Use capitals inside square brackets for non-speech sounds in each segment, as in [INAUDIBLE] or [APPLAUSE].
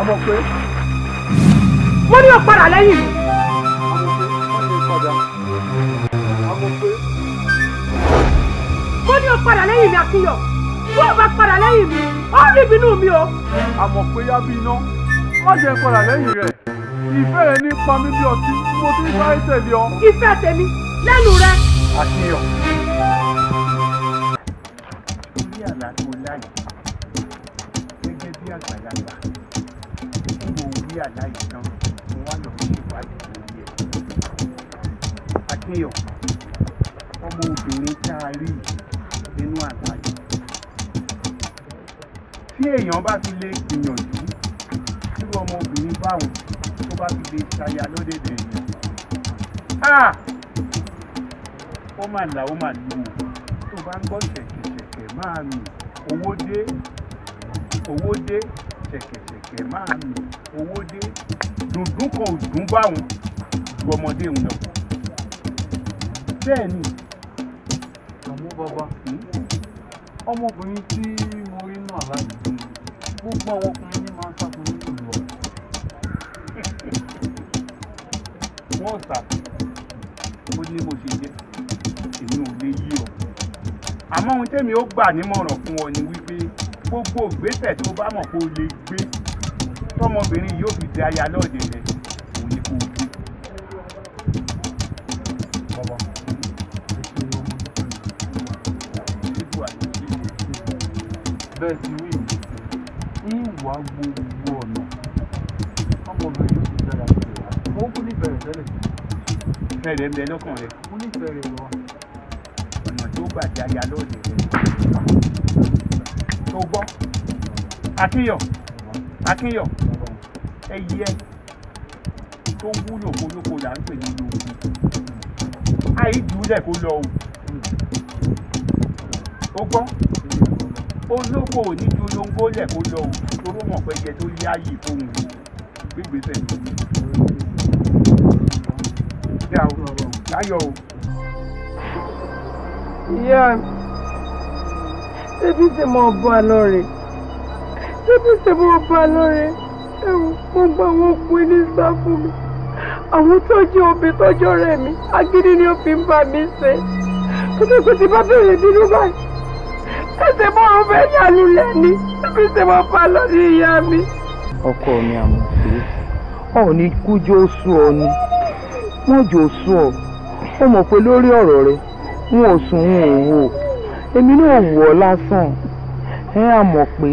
ọmọ pé. mo ní o padà lẹ́yìn mi. mo ní o padà lẹ́yìn mi àkíyọ̀ tó o bá padà lẹ́yìn mi ó rí ibinú mi o. àmọ̀ pé yá bí iná má jẹ́ padà lẹ́yìn rẹ̀ ìfẹ́ rẹ̀ ní pa mí bí ọtí mo ti ń sáré tẹ̀lé ọ. ìfẹ́ tèmi lẹ́nu rẹ. àkíyọ̀. ní àlá tó láyé gẹ́gẹ́ bí àgbàlagbà lórí àlá yìí tán mo wá lọ sí ìwádìí lórí ẹ̀. Adéyọ̀ ọmọ obìnrin tá a rí nínú àlá yìí. Tí èèyàn bá fi lè gbìyànjú tí ọmọ obìnrin báwọn tó bá fi lè ṣaya lódèdè èèyàn. Ó mà owó dé ṣẹ̀kẹ̀ṣẹ̀kẹ̀ máa ń lò owó dé dùndún kò dùn báwọn ju ọmọdé òun lọ. bẹ́ẹ̀ ni àmọ́ bàbá ọmọkùnrin tí mo rí náà láti gbogbo àwọn ọkùnrin ní máa ń sáfún ní ìlú ọ̀. wọ́n sà ó ní mo ṣe jẹ́ èmi ò lè yí ọ. àmọ́ ohun tẹ́mi ó gbà nímọ̀ràn fún ọ ni wípé gbogbo ìgbésẹ̀ tó bá mọ̀ kó lè gbé tọmọbìnrin yóò fi di aya lọ́ọ̀dẹ̀ rẹ̀ kò ní kó gbé. bẹ́ẹ̀ ti rí ìwà gbogbo ọ̀nà ọmọbìnrin yóò fi dára sí i ó kú ní bẹ̀rẹ̀ tẹ́lẹ̀. ìfẹ́ ń bẹ lọ́kàn rẹ̀. ọ̀nà tó gbà aya lọ́ọ̀dẹ̀ rẹ̀ tó gbọ́ akínyọ̀ ẹyẹ tó wúlò kólókó là ń pè ní lóògùn àìjùlẹ̀ kó lọ o ó olóko ní jolongo lẹ̀ kó lọ o toró mọ̀ pé jẹ tó yé ayé fóun gbígbésẹ̀ lórí yà ó láyọ̀ o. ìyá ṣébí ṣe mọ ọba lọrẹ ṣébí ṣe mọ ọba lọrẹ ẹwù gbogbo àwọn òkú ilé sá fún mi àwọn tọ́jú òbí tọ́jú ọ̀rẹ́ mi agídí ni ó fi ń bá mi ṣe kótópó ti bá bèrè bínú báyìí ẹsẹ̀ mọ́rùn fẹ́ yàlú lẹ́ni ṣébí ṣe mọ ọba lọrẹ ìyá mi. ọkọ mi àmọ̀pé ọ̀ ní kújọ́ sùn ọ ni wọ́n jọ sùn ọ ó pé lórí ọ̀rọ̀ rẹ wọn ò sùn wọn ò wò èmi náà wọ̀ ọ́ lásán ẹ á mọ̀ pé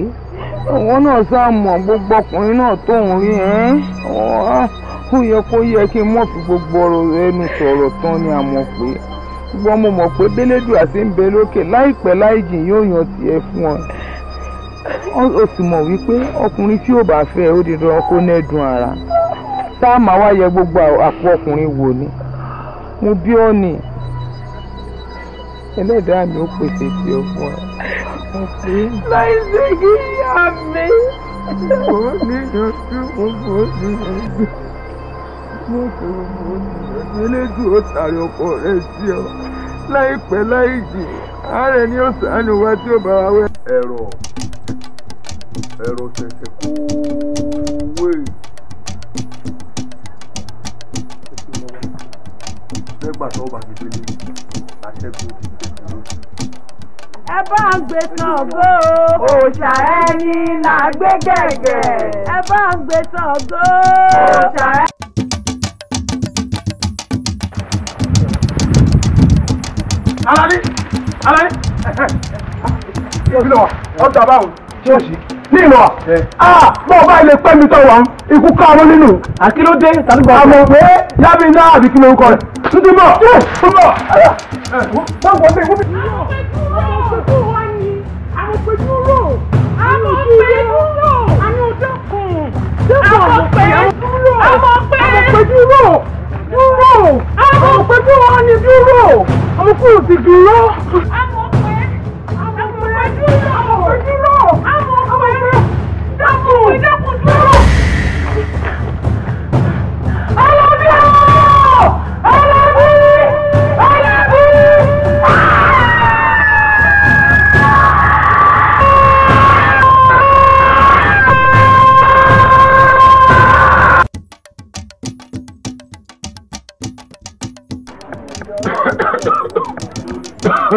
àwọn náà sá mọ̀ gbogbo ọkùnrin náà tóun rí ẹ́ ó yẹ kó yẹ kí n mọ̀ fi gbogbo ọ̀rọ̀ ẹnu sọ̀rọ̀ tán ni a mọ̀ pé ṣùgbọ́n mo mọ̀ pé délédùà sí ń bẹ lókè láìpẹ́ láìjìn yóò yan tiẹ̀ fún ọ ó sì mọ̀ wípé ọkùnrin tí ò bá fẹ́ ó di dandan kó nẹ́dùn ara tá a máa wá yẹ gbogbo àpò ọkùnrin wò ni mo bí ọ́ ni ẹlẹ́dàá mi ó pèsè tí o fún ọ. láì ṣe kí ìyá mi. mo ní ojú mo bò ó ní ojú mo bò ó mo ní ojú eléjú ó tàrí ọkọ rẹ sí ọ láìpẹ́ láì jì ààrẹ ni ó sàánú wa tí ó bá wa wẹ. ẹ̀rọ ẹ̀rọ ṣẹ̀ṣẹ̀ kó wéè. nígbà tó bá ti délé àṣẹ tó ẹ bá ń gbé Ṣàngó. òòṣà ẹni là ń gbé gẹ̀gẹ̀. ẹ bá ń gbé Ṣàngó. òòṣà ẹni. alani alani ìbílẹ̀ wa ọ̀tọ̀ àbáwò ṣọ́ọ̀ṣì ní ìlọ à bọ́ọ̀ bá ilé pẹ́ mi tọ̀ wọ́n ikú ká wọn nínú. àkìlódé tàbí bọ́ọ̀. àmọ̀ pé yábí iná àbí kí ló ń kọ́ rẹ̀. tútù bọ̀ tútù bọ̀. báwo ni ìwúbi. ọmọ pé dúró ọmọ pé dúró dúró ọmọ pé dúró ni dúró ọmọ kúrò ti dúró. ọmọ pé ọmọ pé dúró ọmọ pé dúró.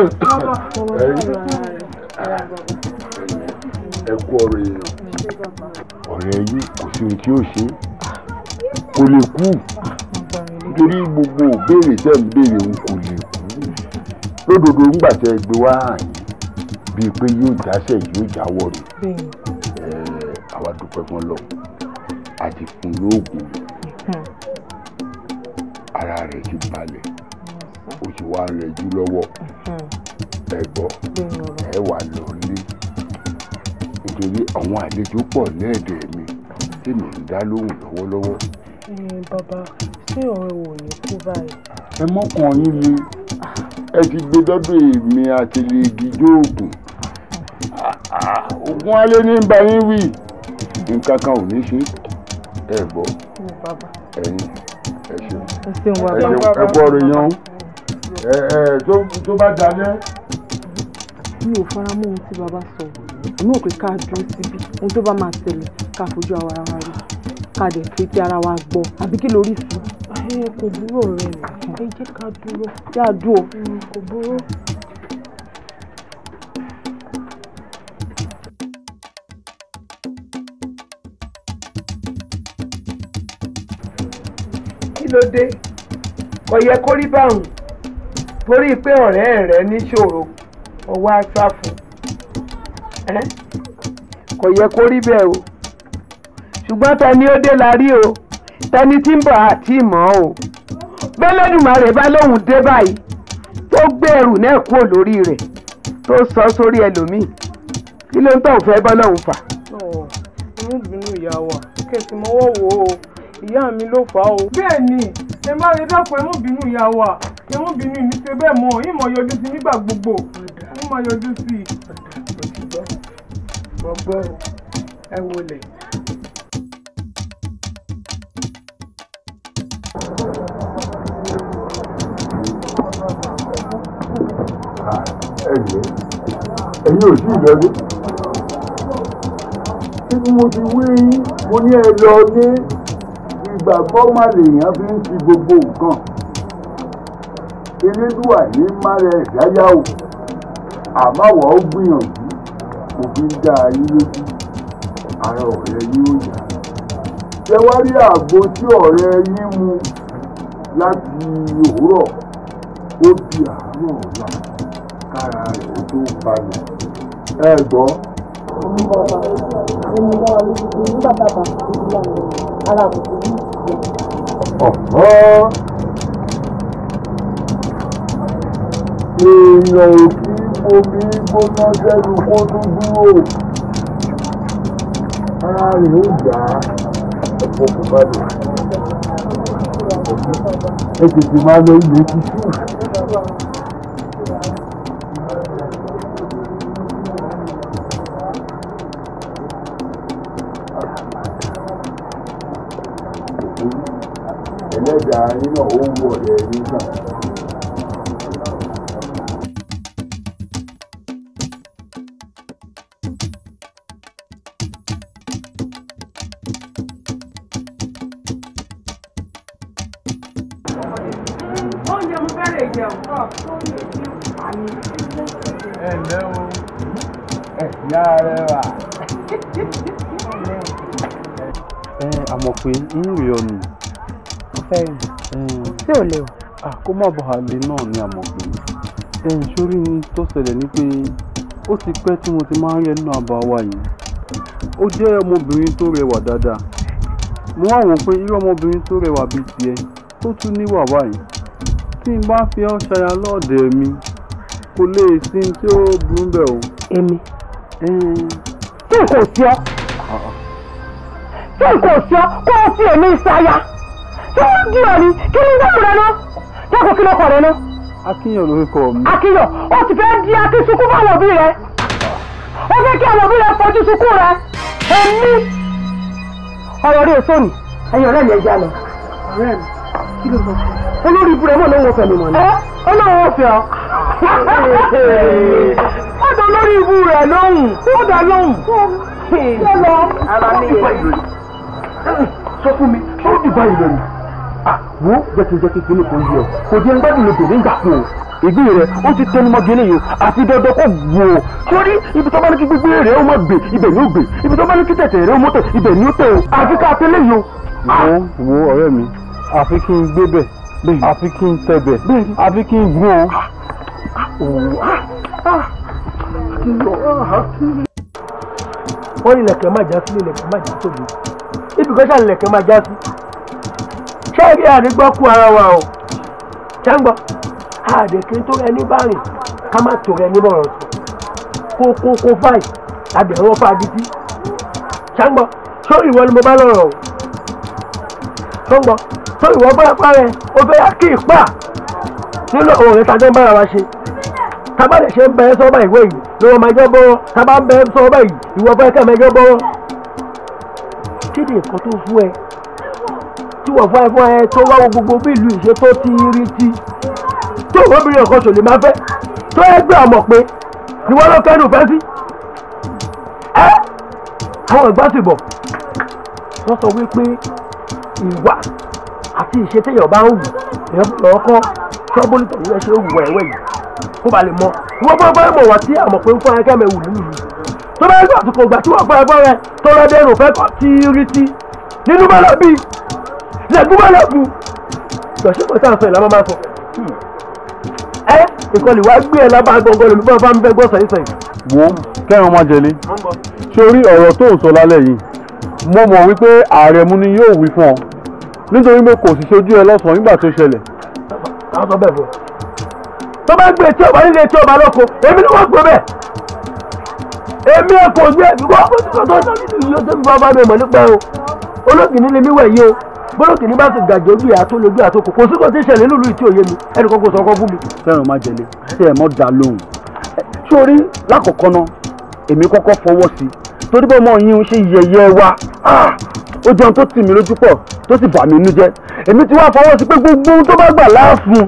ẹ kú ọ̀rọ̀ èèyàn ọ̀rẹ́ yìí kò sí ohun tí ó ṣe kò lè kú nítorí gbogbo òbéèrè tẹ̀ ń béèrè òun kò lè kú lódodo ńgbà tẹ gbé wá àyè bíi pé yóò jáṣẹ yóò jáwọ́ rẹ̀ àwa dúpẹ́ fún lọ àti fún lóògùn hmm. ara rẹ̀ ti balẹ̀ ó ti wá rẹjú lọ́wọ́ mm-hmm. ẹ gbọ́ ẹ wà lọ́ọ́lé nítorí àwọn àlejò pọ̀ lẹ́ẹ̀dẹ̀ mi tí mi ń dá lóhùn lọ́wọ́lọ́wọ́. bàbá ṣé ọ̀rẹ́ wò ní kú báyìí. ẹ mọ́kàn yín ni ẹ ti gbé dọ́dọ̀ èmi àti lèegi jóògùn ogun ayé ní bá yín wí nǹkan kan ò ní ṣe ẹ gbọ́ ẹ ṣeun ẹ ṣeun rẹ yan tó bá dalẹ̀. mi ò fara mọ́ ohun tí bàbá sọ àmọ́ òpè ká dúró síbi ohun tó bá máa tẹ̀lé ká fojú ara wa rí ká dẹ̀ fi ti ara wa gbọ́ àbí kí lórí sùn. ẹ kò búrò rẹ ẹ jẹ́ ká dúró. yá a dúró. Mm, kò búrò. kí ló dé kò yẹ kó rí báwọn torí pé ọ̀rẹ́ rẹ níṣòro ọwọ́ àṣàfù kò yẹ kó rí bẹ́ẹ̀ o ṣùgbọ́n tani ó dé la rí o tani tí ń bọ̀ àti ìmọ̀ o bẹ́lẹ́dùmarè bá lóun dé báyìí tó gbé ẹrù náà kúrò lórí rẹ̀ tó sọ sórí ẹlòmíì kí ló ń tọ̀ fẹ́ bọ́ lọ́hùn fà. inú bínú ìyá wa kẹsì mọ́wọ́ wò ó ìyá mi ló fà á o. bẹ́ẹ̀ ni ẹ má rí dákun ẹ mú bínú ìyá wa ẹ̀wọ̀n bínú mi ṣe bẹ́ẹ̀ mọ́ yìí mọ̀ yọjú sí nígbà gbogbo yìí mọ̀ yọjú sí. mo gbọ́ ẹ wọlé. ẹ̀yẹ́ ò sí ìlọlé tí mo ti wí mo ní ẹ lọ ní ìgbàgbọ́ má lèèyàn fi ń ti gbogbo nǹkan elédùà ní márẹ̀ ìdáyà o àmàwọ̀ ó gbìyànjú òbí ń dá ayé lójú ara ọ̀rẹ́ yín ó yá ṣe wá rí àgbo tí ọ̀rẹ́ yín mu láti òwúrọ̀ ó di àárọ̀ ọ̀la kára rẹ̀ ó tó balẹ̀ ẹ gbọ́. ọ̀hún. èèyàn ò kí omi gbóná sẹ́nu kó tún dúró ara rẹ̀ ó gbà á ẹ̀fọ́ kò bá lò ẹ tètè máa lọ ilé títí. ẹlẹ́dàá yín náà ó ẹ̀ nígbà. lè o. kó má náà ni àmọ̀gbìn ẹ̀ sórí tó ṣẹlẹ̀ ni pé ó ti pẹ́ tí mo ti máa ń rí àbá wa yìí ó jẹ́ ọmọbìnrin tó rẹwà dáadáa mo wá wò pé irú ọmọbìnrin tó rẹwà bíi tiẹ̀ tó tún níwà báyìí tí n bá fi ọ́ ṣaya lọ́ọ̀dẹ̀ kí ni dákun rẹ náà dákun kí lọkọ rẹ náà. akínyàn lórúkọ mi. akínyàn o ti fẹ́ di akínsukú fún àwọn òbí rẹ ó fẹ́ kí àwọn òbí rẹ fojú sunkún rẹ èmi ọ̀rọ̀ rẹ sóni ẹ̀yin ọ̀rẹ́ mi ẹja lọ. ọ̀rẹ́ mi kí ló sọ fún mi. olórí ibùdó mọ̀ lóun ọ̀fẹ́ mi mọ̀ ni. ó lóun ọ̀fẹ́ ọ. ó dán lórí ibù rẹ̀ lóhùn ó dán lóhùn. ó lọ. ara mi yẹ. sọ fún mi ṣé ó dìbò ìlú ni wo jẹ́kijẹ́ki kí ni kò yẹ kò jẹ́ gbádùn lè bèrè ìgbà kan ìgbín rẹ ó ti tẹnumọ́ gele yìí àti dandan kò wò ó sórí ibi tó bá ní kí gbígbé rẹ ó má gbè ibẹ̀ ni ó gbè ibi tó bá ní kí tẹ̀tẹ̀ rẹ ó mọ́tẹ̀ ibẹ̀ ni ó tẹ̀ o àfi ká tẹ́lẹ̀ yìí o. wo ah! wo ọ̀rẹ́ mi àfi kí n gbé bẹ̀ àfi kí n tẹ̀ bẹ̀ àfi kí n gún o. ó ah! ah! ní lẹ̀kẹ̀ má já sí lẹ̀kẹ̀ má já tóbi ibì kan ṣàlẹ̀ lẹ̀kẹ̀ má já sí sẹ́ẹ̀rí àdégbọ́ kú ara wa o ṣẹ́ngbọ́ àdèké tó rẹ ní bárìn ká má tó rẹ ní bọ̀rọ̀ kó kó kó báyìí àbẹ̀rún ọ̀fà àdìsí ṣẹ́ngbọ́ tó ìwọ ni mo bá lọ́rọ̀ o ṣẹ́ngbọ́ tó ìwọ bọ́lápá rẹ o fẹ́ yá kí ìpá nínú ọ̀rọ̀ rẹ tàjọ́ ń bára wa ṣe tábà lè ṣe ń bẹ sọ́ọ́bà ìwé yìí ló wọ́n máa jẹ́ bọ́wọ́ tábà ń bẹ sọ́ọ́bà yìí ìwọ fẹ́ kẹ́ mẹ́jọ bọ́wọ́ kéde nǹkan tó fún ẹ wà fún ẹ̀fọn ẹ tó wá wo gbogbo bí ìlú ìṣe tó ti rí ti tó obìnrin kan ṣò lè máa fẹ́ tó yẹ gbé àmọ̀ pé ni wọ́n lọ kẹ́nu fẹ́ sí ẹ àwọn ìgbà sì bọ̀ wọ́n sọ wípé ìwà àti ìṣe téèyàn bá ń wù èèyàn lọ́ọ́ kọ́ ṣọ́bólì tẹ̀lé ẹ ṣe ń wù ẹ̀wẹ̀ yìí kó ba lè mọ wọ́n bá bá mọ̀ wá sí àmọ̀ pé ń fún akẹ́kẹ́ mi wù nínú yìí tó bá yẹ kó àtúkò ìgbà tí wọ́n fún ẹgbọ́n rẹ tó lọ́ọ́ dẹ́rù fẹ́ kọ́ tí rí sí nínú bá lọ bíi lẹ́gùn bá lẹ́gùn lọ́sẹ̀kọ̀ tá à ń sọ ìlànà máa sọ ẹ ìkọlù wa gbé ẹ lábàá gbọ̀ngàn olùbọ̀ bá ń bẹ́ gbọ́ sọ̀yìn sọ̀yìn. wo kẹrin ọmọ jẹlé sórí ọ̀rọ̀ tó ń sọ lálẹ́ yìí mo mọ̀ wípé ààrẹ mu ni yóò wí fún ọ nítorí pé kò sì ṣojú ẹ lọ́sàn-án nígbà tó ṣẹlẹ̀. tó bá gbé etí ọba nílé etí ọba lóko èmi ni wọ́n gbé bẹ́ẹ̀ èmi ẹ kò gbé wọ́n kò tó tó tó tó tó tó tó tó tó tó tó tó tó tó tó bólókì ní bá ti gàjọ ojú ìyá tó lójú àtòkò kò sí kò tí ń ṣẹlẹ̀ nílùú òye mi ẹnì kan kò sọ ọkọ fún mi. fẹ́ràn má jẹlé tí ẹ̀ mọ́ da lóhùn. sórí lákọ̀ọ́kọ́ náà èmi kọ́kọ́ fọwọ́ sí i torí bá ọmọ yín ṣe yẹ̀yẹ́ wa ah! ó jẹun tó tì mí lójú pọ̀ tó sì bà mí nú jẹ́ èmi ti wá fọwọ́ sí pé gbogbo tó bá gbà láàfin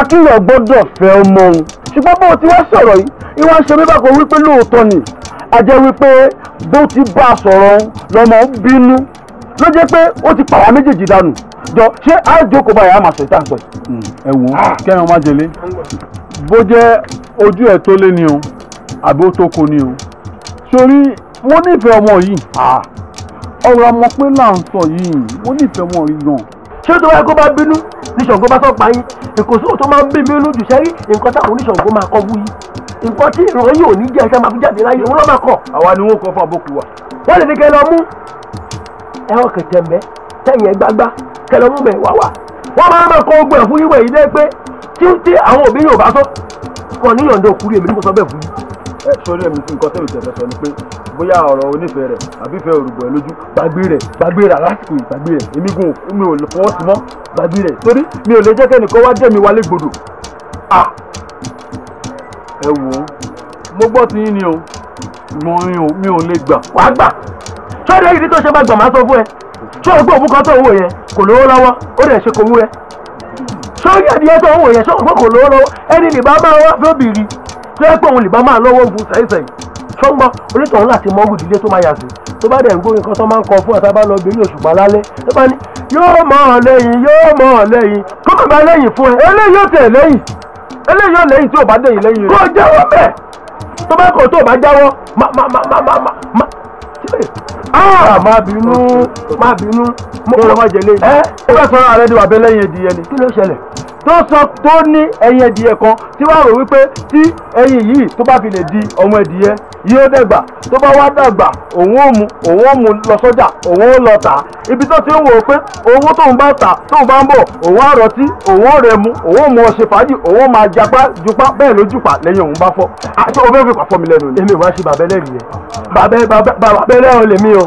akínyàn gbọ́dọ̀ fẹ́ ọmọ òun ṣùgbọ́n bó ti wá sọ̀rọ̀ yìí ìwà ṣe mí bá kò wípé lóòótọ́ ni a jẹ́ wípé bó ti bá a sọ̀rọ̀ lọ́mọ bínú ló jẹ́ pé ó ti pàwá méjèèjì dànù jọ ṣé àjòkó báyìí á máa sọ ìta sọ yìí. Hmm, ẹ wò ó ah. kẹ́hìn má jẹlé bó jẹ́ ojú ẹ̀ tó lé ni o àbí ó tó ko ni o sórí wọ́n nífẹ̀ẹ́ ọmọ yìí ah. ọ̀rọ̀ ọmọ pé là ń sọ yìí wọ́n nífẹ̀ẹ́ ọmọ yìí gan. ṣé tó wáyé kó bá bínú ní Ṣàngó bá sọ pa yín èkó sóò tó máa ń bí mi lójú sẹ́rí nǹkan táwọn oníṣàngó máa kọ́ wú yìí nǹkan tí ìròyìn ò ní jẹ́ ẹ̀ṣẹ́ máa fi jáde láyé òun ló máa kọ̀. àwa ni wọn kọ fún àbókù wa. wọ́n lè ní kẹ́ lọ mú ẹ̀wọ̀n kẹ̀kẹ́ mbẹ́ tẹ̀yìn gbágbá kẹlẹ́mú bẹ̀ wá wá wọ́n máa máa kọ́ ogun ẹ̀fún yíwẹ̀ yìí dé pé tí tí àwọn òbí yóò bá sọ wọn níyànjú òkúrú èmi ní kò sọ bẹ́ẹ̀ fún yín. ẹ sori èmi tí nǹkan tẹ̀lé tẹ̀lé sọ ni pé bóyá ọ̀rọ̀ onífẹ̀ẹ́ rẹ̀ àbí ìfẹ́ òrùbọ̀ ẹ lójú gbàgbé rẹ̀ gbàgbé rẹ̀ lásìkò yìí gbàgbé rẹ̀ èmi gùn mi ò lè fọwọ́ sí mọ́ gbàgbé rẹ̀ torí mi ò lè jẹ́ kẹ́nìkan wá jẹ́ mi wálé gbòdò. ẹ wò ó mo gbọ́ ti yín ni o mo rin o mi ò lè gbà. wàá gbà sọ́dọ̀ èyí tó ṣe bá gbọ̀n máa sọ fún ẹ ṣé o gbọ́ òun kan tó owó yẹn kò lówó lọ́wọ́ ó dẹ̀ ṣe kowó ẹ ṣé ó yẹ̀dí tó owó yẹn ṣé o gbọ́ kò lówó lọ́wọ́ ẹni nìbá máa wá fẹ́ bìrì tó yẹ pé òun nìbá máa lọ́wọ́ ogun sẹ́yìnsẹ́yìn ṣọ́ngbọ́n onítọ̀hún láti mọ ogun ìdílé tó máa yà sí tó bá dẹ̀ ń gbóyin kan tó máa ń kọ fún ọ̀tá bá lọ bèrè òṣùpá lálẹ́ tó bá ní yóò mọ̀ ọ́ lẹ́yìn yóò mọ̀ ọ́ lẹ́yìn kó má bá lẹ́yìn fún ẹ eléyìí ò tẹ̀ lẹ́yìn eléyìí ò lẹ́yìn tí ò bá dẹ̀yìn lẹ́yìn rẹ̀ kó jáwọ́ bẹ́ẹ̀ tó bá bá jáwọ́ Ah, má bínú má bínú. mo kọ́ lọ́mọ jẹ lẹ́yìn. ẹ ẹ bá sọ ara rẹ di wàbẹ lẹ́yìn ẹdìyẹ ni. kí ló ṣẹlẹ̀ tó sọ tó ní ẹyin ẹdìyẹ kan tí wàá rò wípé tí ẹyin yìí tó bá fi lè di ọmọ ẹdìyẹ yóò dẹ̀gbà tó bá wá dàgbà òun ò mú òun ò mú lọ sọ́jà òun ò lọ tà á ibi tó ti ń wò ó pé owó tóun bá tà tóun bá ń bọ̀ òun á rọtí òun ò rẹ̀ mu òun ò mọ ọṣẹ fàájì òun ò máa japa jupa bẹ́ẹ̀ ló jupa lẹ́yìn òun bá fọ́ àti òun fẹ́ẹ́ fi pàfọ́ mi lẹ́nu ni. èmi wá sí bàbá ẹlẹ́rìí yẹn. bàbá bàbá ẹlẹ́rìí lèmi o.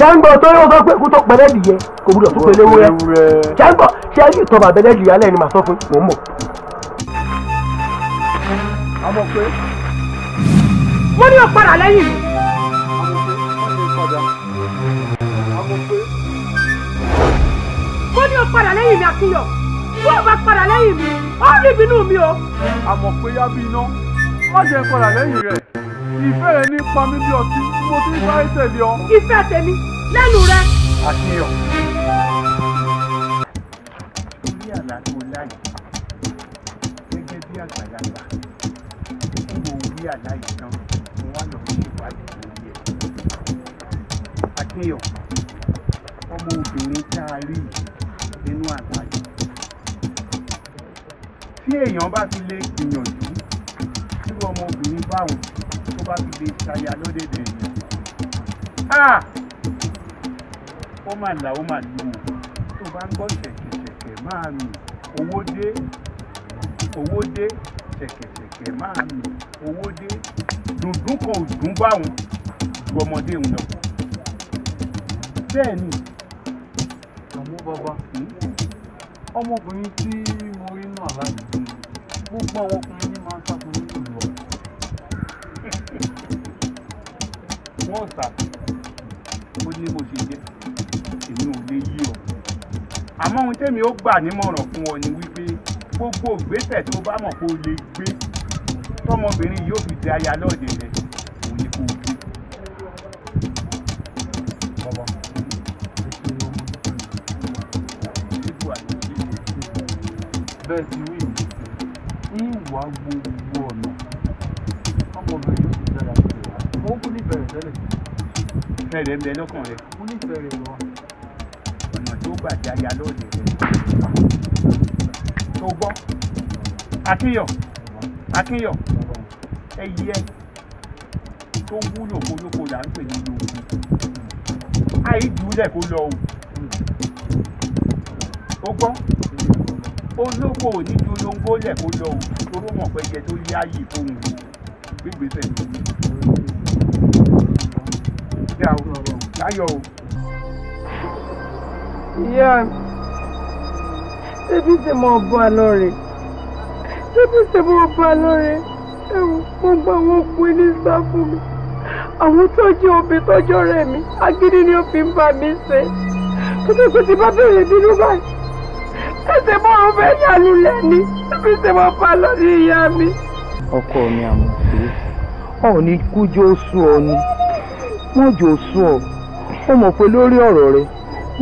ṣàǹgbọ̀ tó yóò sọ pé kó tó pẹlẹ́dìyẹ kò gbúdọ̀ tó pẹlẹ́wúrẹ́ ṣàǹgbọ̀ ṣe máa sọ fún mò ń bọ̀. àmọ́ pé. mo ní o padà lẹ́yìn mi. mo ní o padà lẹ́yìn mi àkíyọ̀ bó o bá padà lẹ́yìn mi ó rí ìbínú mi o. àmọ́ pé yá bí iná má jẹ́ padà lẹ́yìn rẹ̀ ìfẹ́ rẹ ní pa mí bí ọtí mo ti ń sáré tẹ̀lé ọ. ìfẹ́ tèmi lẹ́nu rẹ. àkíyọ̀. dàgbà tí mo rí àlàyé tán mo wá lọ ṣèwádìí lórí ẹ̀. Adéyọ̀ ọmọ obìnrin tá a rí nínú àlàyé. Tí èèyàn bá fi lè gbìyànjú irú ọmọ obìnrin báwọn tó bá fi lè ṣaya lódèdè èèyàn. Ó mà là ó mà lù ú tó bá ń gbọ́ ṣẹ̀kẹ̀ṣẹ̀kẹ̀ máa mì owó dé owó dé ṣẹ̀kẹ̀ṣẹ̀kẹ̀ máa lò owó dé dùndún kan ò dùn báwọn ju ọmọdé òun lọ. bẹ́ẹ̀ ni àmọ́ ọmọkùnrin tí mo rí náà láti gbogbo àwọn ọkùnrin ní máa ń sákùnrin nínú ìwọ. wọ́n sà ó ní mo ṣe jẹ́ èmi ò lè yí ọ àmọ́ ohun tẹ́mi ó gbà nímọ̀ràn fún ọ ni wípé gbogbo ìgbésẹ̀ tó bá mọ̀ kó lè gbé tọmọbìnrin yóò fi di aya lọ́ọ̀dẹ̀ rẹ̀ òun ni kò gbé. bẹ́ẹ̀ ti rí ìwà gbogbo ọ̀nà ọmọbìnrin yóò fi dára sí wa mo kún nífẹ̀ẹ́ rẹ̀ tẹ́lẹ̀. ìfẹ́ ń bẹ lọ́kàn rẹ̀. mo nífẹ̀ẹ́ rẹ̀ wá. ọ̀nà tó gbà lọ́ọ̀dẹ̀ rẹ̀ o gbọ́ akínyọ̀ akínyọ̀ ẹyẹ tó wúlò kólókó là ń pè ní lóògùn àì jùlẹ̀ kó lọ o o olóko ò ní lẹ̀ kó lọ o toró mọ̀ pé ẹyẹ tó yé ààyè fóun gbígbésẹ̀ lórí láyọ̀ o. Yeah ṣébí ṣe mọ ọba lọrẹ ṣébí ṣe mọ ọba lọrẹ ẹwù gbogbo àwọn òkú ní sá fún mi àwọn tọjú obì tọjú rẹ mi agídí ni ó fi ń bá mi ṣe kótópó ti bá bèrè bínú báyìí ẹsẹ bọrọ fẹẹ yàlú lẹni ṣébí ṣe mọ ọba lọrẹ ìyá mi. ọkọ mi àmọ̀fẹ́ ọ̀ ní kújọ́ oṣù ọ ni wọ́n jọ sùn ọ́ ó pé lórí ọ̀rọ̀ rẹ̀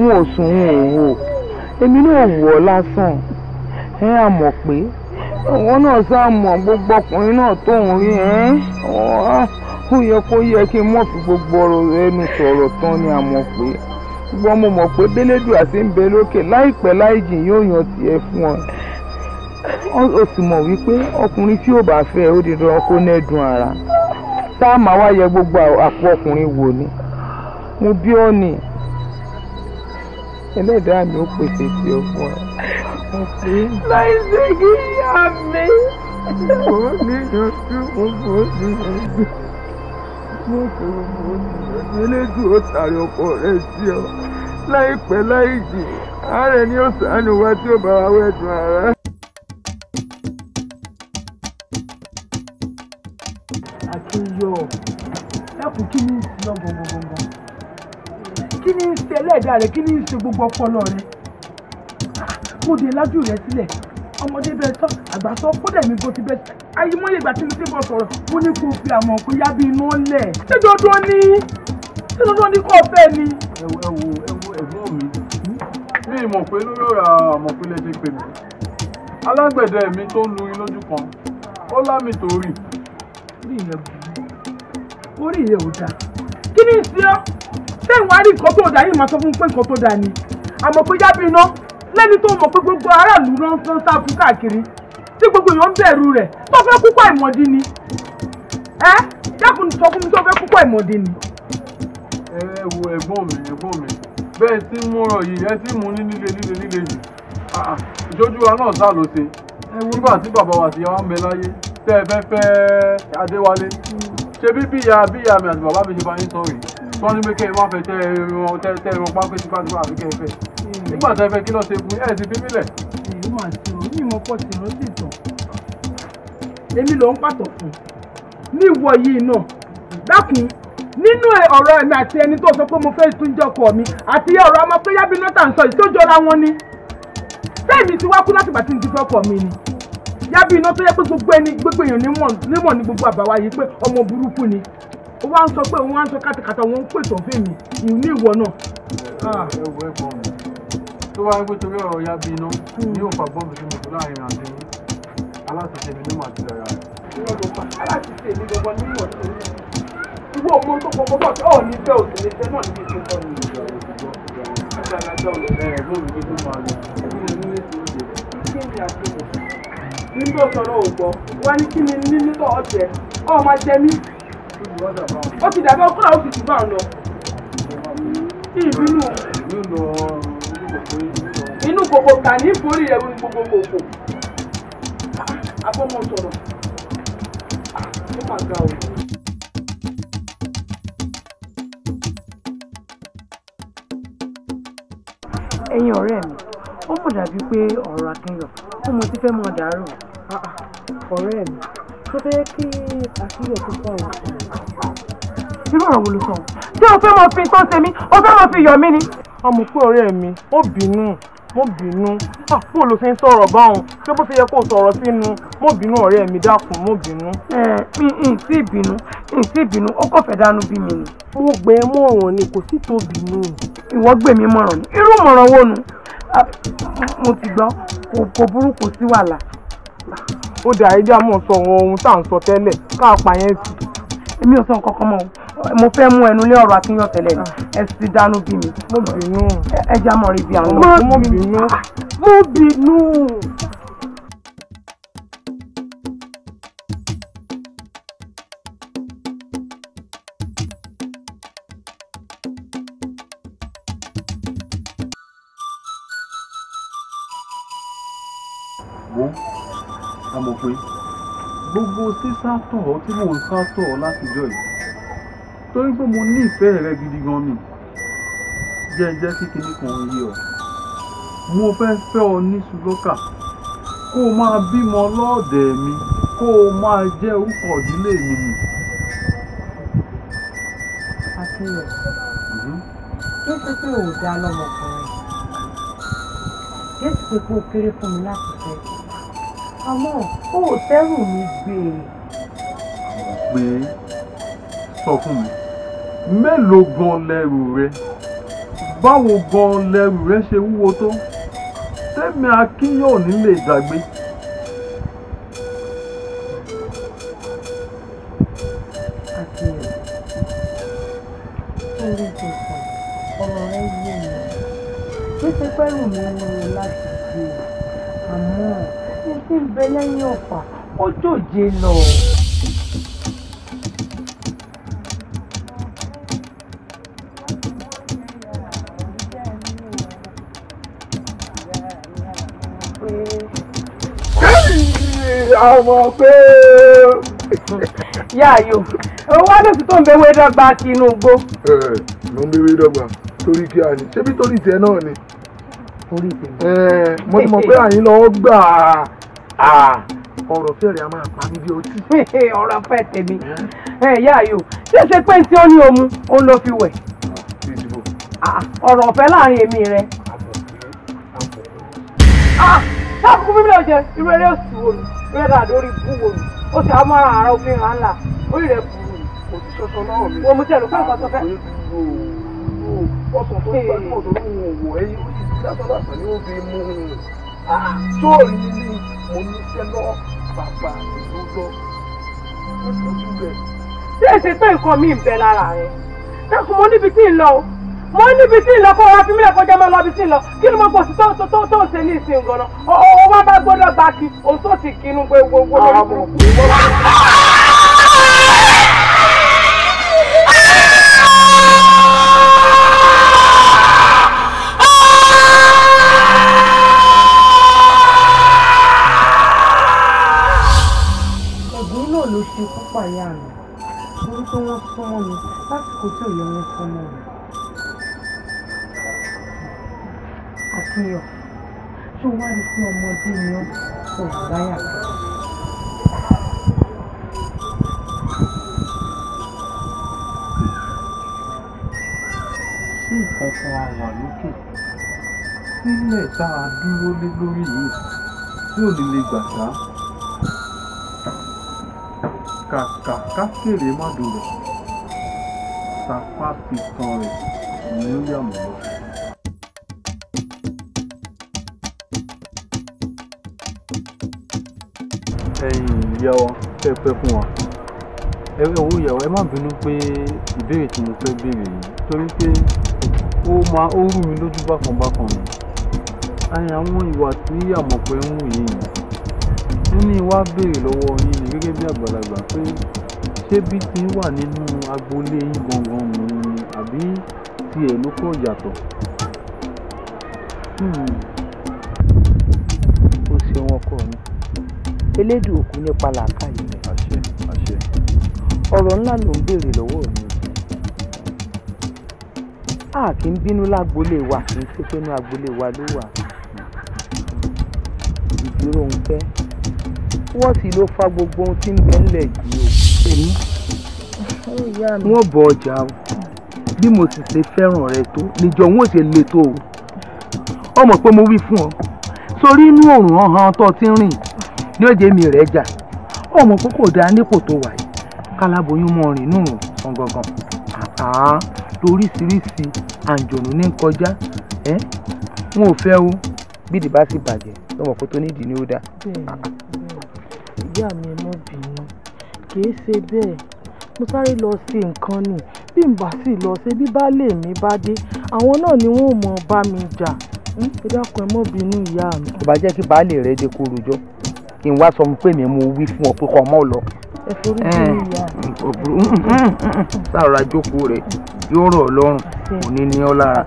wọn ò sùn wọn ò wò ó èmi náà wọ̀ ọ́ lásán ẹ á mọ̀ pé àwọn náà sáà mọ̀ gbogbo ọkùnrin náà tó ń rí ẹ́ ó yẹ kó yẹ kí n mọ̀ fi gbogbo ọ̀rọ̀ ẹnu sọ̀rọ̀ tán ni a mọ̀ pé ṣùgbọ́n mo mọ̀ pé délédùà sí ń bẹ lókè láìpẹ́ láìjìn yóò yan tiẹ̀ fún ọ ó sì mọ̀ wípé ọkùnrin tí ò bá fẹ́ ó di dandan kó nẹ́dùn ara sáà máa yẹ gbogbo àpò ọkùnrin wò ni mo bí ọ́ ni ẹlẹ́dàá mi ó pèsè tí ó fún ọ. láì ṣe kí ìyá mi. mo ní ojú mo bò ó ní ojú mo tó bò ó ní ojú eléjò ó tàrí ọkọ rẹ sí ọ láìpẹ́ láì jìn ààrẹ ni ó ṣàánú wa tí ó bá wa wẹ̀dùn ara. àti yọ ẹ kù kí ni ìsinmi gbọ̀ngbọ̀ngbọ̀ngbọ̀n kí ni í ṣe ẹlẹ́ẹ̀dá rẹ kí ni ṣe gbogbo ọpọlọ rẹ mo dé lájú rẹ sílẹ̀ ọmọdé bẹ tán àgbà sọ kódà mi gbó ti bẹ ayémọ́yé ìgbà tí mo ti bọ̀ sọ̀rọ̀ mo ní kó fi àmọ̀ kó yá bí iná lẹ̀ ṣé dandan ni ṣé dandan ni kò fẹ́ ni. ẹ wo ẹ wo ẹ̀gbọ́n mi ní ìmọ̀ pé lórí ọ̀rọ̀ àmọ̀pínlẹ̀ ti pè mí alágbẹ̀dẹ mi tó lu ilójú kan ó lámì tó orí yẹn orí yẹn ò dáa kí ni ìṣe ọ́ kẹ́hìn wá rí nǹkan tó dáa yìí máa sọ fún un pé nǹkan tó dáa ni àmọ́ pé yá bí iná lẹ́ni tó mọ̀ pé gbogbo aráàlú ránṣán sá fún káàkiri tí gbogbo èèyàn ń bẹ̀rù rẹ̀ tó fẹ́ kúkọ ìmọ̀dí ni ẹ dákun sọ fún mi tó fẹ́ kúkọ ìmọ̀dí ni. ẹ wo ẹ̀gbọ́n mi ẹ̀gbọ́n mi bẹ́ẹ̀ tí ń múrọ̀ yìí ẹ tí mú ní líle líle líle yìí ah, ah, ìjọ́jú wa náà sá ló ṣe ẹ wo nígbà tí bàbá wa ti yà wá ń bẹ láyé tẹ́ ẹ fẹ́ fẹ́ Adéwálé mm. ṣe bí bíyà bíyà mi àti bàbá mi ṣe bá yín sọ rèé tọ́ni pé kẹ́ ẹ wá fẹ́ tẹ ẹran tẹ tẹ ẹran pápẹ́ tí pàṣípà àbí kẹ́ ẹ fẹ́ nígbà tẹ fẹ́ kí lọ́ọ́ ṣe fún ẹ̀ ti fi mílẹ̀. èyí mà ti rò ní ìmọ̀ pọ̀ tìrọ sí ìtàn èmi ló ń pàtó fún ní ìwọ yìí náà dákun nínú ọ̀rọ̀ ẹ̀mí àti ẹni tó sọ pé mo fẹ́ tún jẹ́ ọkọ mi àti ọ̀rọ̀ ọmọ pé yábí náà tà ń sọ yìí tó jọra wọn ni sẹ́ẹ̀mì ti wá kú láti bàtí ti fẹ́ ọkọ mi ni yábí iná tó yẹ pé gbogbo ẹni gbogbo èèyàn nímọ̀ ní gbogbo àbáwá yìí pé ọmọ burúkú ni ó wá ń sọ pé òun wá ń sọ kátàkátà òun ń pètò fún mi ìní ìwọ náà. ẹ wo ẹ̀gbọ́n mi tó wá ń pè torí ọ̀rọ̀ ya bí iná ní hmm. òǹfà bọ́ọ̀lù sí mọ̀tò láàrin àti aláṣẹṣe mi ní màtí ara rẹ̀. aláṣẹṣe mi gbogbo ní ìwọ̀sùn ìwọ ọmọ tó gbogbo bọ̀ tí ní bẹ́ẹ̀ òsì ní náà ní ìṣe sọ ni. tó máa lọ ẹ̀gbọ́n mi ní kí ni àtúntò. nígbà sọ̀rọ̀ ògbọ́ wá máa jẹ mí ó ti dàbí ọkùnrin àwọn òfìsì bá ọ lọ ìbínú inú kòkò kà ní ìforí rẹ ní gbogbo kòkò abọ́mọ sọ̀rọ̀ ó mà ga o. ẹ̀yin ọ̀rẹ́ mi ó mọ̀ dàbí pé ọ̀rọ̀ akínyọ̀ ó mo ti fẹ́ mọ̀ dàrú. ọ̀rẹ́ mi tó fẹ́ kí àkíyè tó sọ yìí. irú ọ̀rọ̀ wo ló sọ ṣé o fẹ́ mọ fi tó ṣe mí o fẹ́ mọ fi yọ̀ mí ni. ọmọ ọ̀rẹ́ mi ó bínú mo bínú àpò ló fi ń sọ̀rọ̀ báwọn ṣé bó ṣe yẹ kó sọ̀rọ̀ sínú mo bínú ọ̀rẹ́ mi dákun mo bínú. ẹ mi n tí bínú n tí bínú ó kọ̀ fẹ́ dánú bí mi ni. mo gbẹ mọ̀ràn ni kò sí tó bínú. ìwọ gbè mí mọ̀ràn ni irú mọ̀ràn wo nu mo ti gbọ́ kò burú sí wàhálà ó dà ẹ já mọ̀ sọ àwọn ohun tá à ń sọ tẹ́lẹ̀ ká pa yẹn sí. èmi ò sọ nǹkan kan mọ́ mo fẹ́ mú ẹnu lé ọ̀rọ̀ akínyàn tẹ́lẹ̀ ni ah. ẹ sì dánú bí mi. mo bínú. ẹ já mọ̀ rí bí àwọn. mo bínú. mo bínú. gbogbo sísátọ̀ tí mò ń sátọ̀ látijọ́ yìí torí pé mo nífẹ̀ẹ́ rẹ gidi gan mi jẹ́jẹ́ sí kinní kan yé ọ mo fẹ́ fẹ́ ọ ní sùlọ́kà kó o máa bímọ lọ́ọ̀dẹ̀ mi kó o máa jẹ́ orúkọ ìdílé mi nì. àti rẹ̀ kéṣe pé ò dá lọ́mọkùnrin kéṣe pé kó o kéré fún mi láti fẹ́ àmọ́ ó ò tẹ́rù mi gbé e. àmọ̀ pé sọ fún mi mélòó gan lẹ́rù rẹ báwo gan lẹ́rù rẹ ṣe wúwo tó tẹ́mi akínyọ̀ọ́nì lè dàgbé. pé pẹ́rù mi ń lọ láti gbé àmọ́ tí ń bẹ lẹ́yìn ọ̀pá ó jòjé lọ. àmọ́ pé. yáàyò owó àdókù tó ń bẹ wédọ́gba sí inú igbó. ẹ ẹ ló ń bẹ wédọ́gba torí kí a ní ṣé bí torí tiẹ̀ náà ni. torí tiẹ̀. ẹ mo ti pé àyín lọ́wọ́ gbà á. Ah, ọ̀rọ̀ fẹ́rẹ̀ a máa pa mí bí ojú. [LAUGHS] ọ̀rọ̀ fẹ́ tèmi ẹ yá ayò ṣéṣe pé tí ó ní omu ó ló fi wẹ̀. Ah, ọ̀rọ̀ ọ̀fẹ́ láàrin èmi rẹ. sáàpù fún bíbélì ọ̀jẹ̀ irú eré òsì wo ni eré dàdó orí bú wo ni ó ti amọ́ra àárọ̀ òfin hàn ńlá orí rẹ̀ bù ni. kò sí náà mi. wọ́n mú tẹ̀lé fún ìkọ́sọ́ fẹ́. ọ̀sán tó ń gbàgbọ́ tó ń wò ẹ̀yìn ó sì dá sọ́dọ̀ tó yín ní mo ní tẹ́lọ́ bàbá ìlú lọ ó tọ́jú rẹ̀. ṣé èsì tó nǹkan mi ń bẹ lára rẹ dákun mo níbi tí ń lọ o mo níbi tí ń lọ kó o wá fi mílẹ̀ kọjá máa lọ ibi tí ń lọ kí ni mo gbọ́ sí tó tó tó tó ṣe ní ìsìn gan-an o wá bá gbọ́dọ̀ gbá kí o tó ti kinu gbogbo. àwọn ọmọ mi wọ́n. pààyà mi torí pé wọ́n súnmọ́ mi lásìkò tí òye wọn súnmọ́ mi. àkíyọ̀ tó wá rí sí ọmọdé ni ó kò báyà sí nǹkan àwà lókè nílẹ̀ tá a dúró lé lórí yìí tí ò ní lè gbàgbá. kákéré mọ́dún rẹ̀ sapá fi tan rẹ̀ ní yàmù lọ. ẹ̀yin ìyá wa fẹ́ pẹ́ fún wa ẹ wo ìyàwó ẹ má bínú pé ìbéèrè tí mo fẹ́ béèrè yìí torí pé ó máa ó rú mi lójú bákan bákan ni àwọn ìwà tí àmọ̀pẹ́ ń wù yìí ni ó béèrè lọ́wọ́ yín ni gẹ́gẹ́ bí àgbàlagbà pé ṣé Bíkí wà nínú agboolé yín gangan òun ni àbí tiẹ̀ ló kọ̀ yàtọ̀ hmm. ó ṣeun ọkọ mi elédùn òkú nípa làákàyè àṣẹ àṣẹ ọ̀rọ̀ ńlá ló ń béèrè lọ́wọ́ mi a kì í bínú lágboolé wa kì í ṣe pé inú agboolé wa ló wà ìdúró ń fẹ́ wọ́n sì ló fa gbogbo ohun tí ń bẹ ńlẹ̀ yìí o tèmi wọn bọ ọjà o bí mo sì ṣe fẹ́ràn rẹ tó níjọ wọn ò ṣe le tó o ọmọ pé mo wí fún ọ sórí inú òrùn ọ̀hán tó ti ń rìn ní òjé mi rẹ̀ jà ọmọ pé kò dáa nípò tó wà yìí kálábóyún mọ rìn nù rùn gangan àá lóríṣiríṣi àǹjọ̀nù ní kọjá wọn ò fẹ́ o bídìí bá sì bàjẹ́ lọ́mọ kó tó nídìí ni ó dá. ìyá mi ẹ mọ̀ bí kì í ṣe bẹ́ẹ̀ mo sáré lọ ṣe nǹkan ni bí n bá sì lọ ṣe bí baálé mi bá dé àwọn náà ni wọn ò mọ bá mi jà hm? ẹ dákun ẹ mọ́ bínú ìyá mi. kò bá jẹ́ kí baálé rẹ dé kó rojọ́ kí n wá sọ pé mi mo wí fún ọ pé kọ́ ọmọ lọ. ẹ forí sí ìyá. Hm, hm, sáà ra jókòó rẹ yóò rọ̀ ọ́ lọ́rùn òní ni ọ́ lára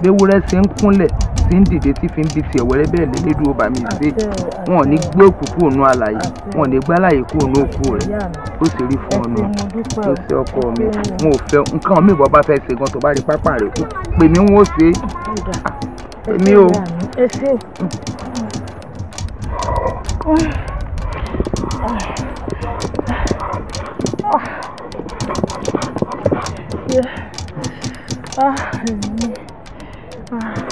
bí ewúrẹ́ ṣe ń kúnlẹ̀ tí ń dìde tí fi ń bí tiẹ̀ wẹ́rẹ́ bẹ́ẹ̀ lélẹ́dùn ó bá mi ṣe wọn ò ní gbé òkú kúrò nú àlàyé wọn ò ní gbá àlàyé kúrò nú òkú rẹ̀ ó sì rí fún ọ̀nà ó sì ọkọ mi wọn ò fẹ́ nǹkan mi ìwọ bá fẹ́ ṣe gan tó bá rí pápá rẹ̀ kú pè mí wọn ò ṣe é ah, èmi o. Yeah. Ah, ah. ah.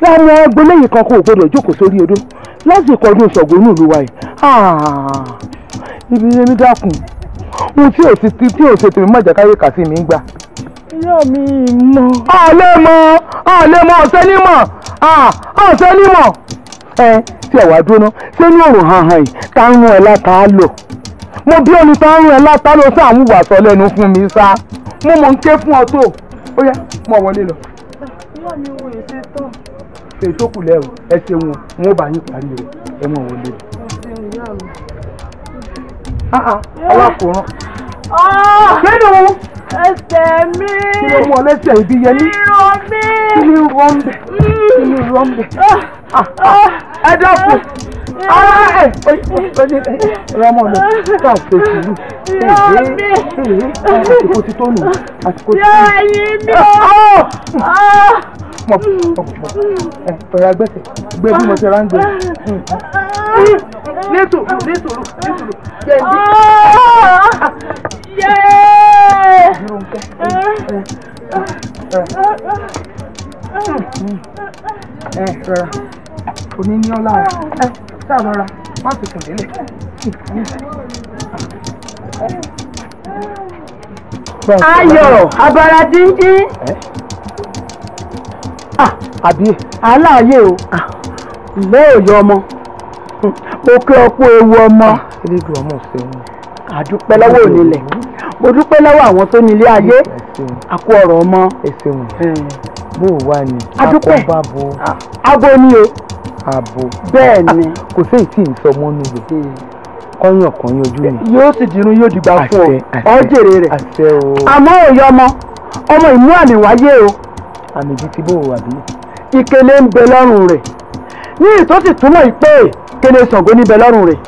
láàrin agbo lẹ́yìn kan kò gbọdọ̀ jókòó sórí odó lásìkò ọdún ìṣọ̀gbọ̀n ní ìlú wa yìí ah, ibi yẹn mi dákun ohun tí ò sí tí ò ṣètò mi mọ̀jà káyé kà sí mi ń gbà. ìyá mi mọ. àlẹ́ mọ àlẹ́ mọ ọ̀sẹ́ ní mọ̀ ọ̀sẹ́ ní ah, mọ̀ ẹ tí ẹ dúró ṣé ní òrùn hàn yìí tá ń rún ẹ láta lò mo bí omi tá ń rún ẹ láta lò sí àwọn ìwà lẹ́nu fún mi sá mo mọ̀ ń ké fún ọ tó ó yẹ mo wọlé lọ. ìyá mi wo èsè tán ṣe tó kù lẹ́rù ẹ ṣeun wọn bá yín parí rẹ̀ ẹ mọ̀ wọlé. Ah, ah, alákòóràn. kíni ah! o. ẹsẹ̀ mi. kí ló mú ọ lẹ́sẹ̀ ibi yẹn ní. irun mi. kí ni irun ń bẹ. kí ni irun ń bẹ. ẹ dọ́kun ara ẹ ọmọ lọ ká ṣe sùúrù àsìkò ti tó nù àsìkò ti tó nù. yẹ́n yín mi o pọ̀ pọ̀ pọ̀ tọ̀yà gbẹ̀sẹ̀ gbé bí mo ṣe rán gbé. Ah! Hmm. létò létò létò gbẹ̀ndé. ẹ rọra òní ní ọ́ lára ẹ eh, sáà rọra má fi kùn délẹ̀ hmm. hmm. ayọ̀ abara Ah, àbí aláàyè o ìlẹ́ ah, òye ọmọ òkè hmm, ọ̀pọ̀ ewu ọmọ àdúpẹ́ ah, lọ́wọ́ onílẹ̀ mo dúpẹ́ lọ́wọ́ àwọn tó ní ilé ayé àkó ọ̀rọ̀ ọmọ. bó o wà ní àkọ́bá bo abo ni o abo bẹ́ẹ̀ ni kò sí èyí tí ì ń sọ mọ́nú rẹ̀ kọ́yàn kọ́yàn ojú mi. yóò sì dirun yóò dìgbà fún ọ ọ jèrè rẹ̀ àmọ́ òye ọmọ ọmọ ìmú àmì wáyé o àmì ìdí tí bò wà bí. ìkele ń bẹ lọ́rùn rẹ̀ ní ìtó sì túmọ̀ ìpè kele Ṣàngó ní bẹ lọ́rùn rẹ̀.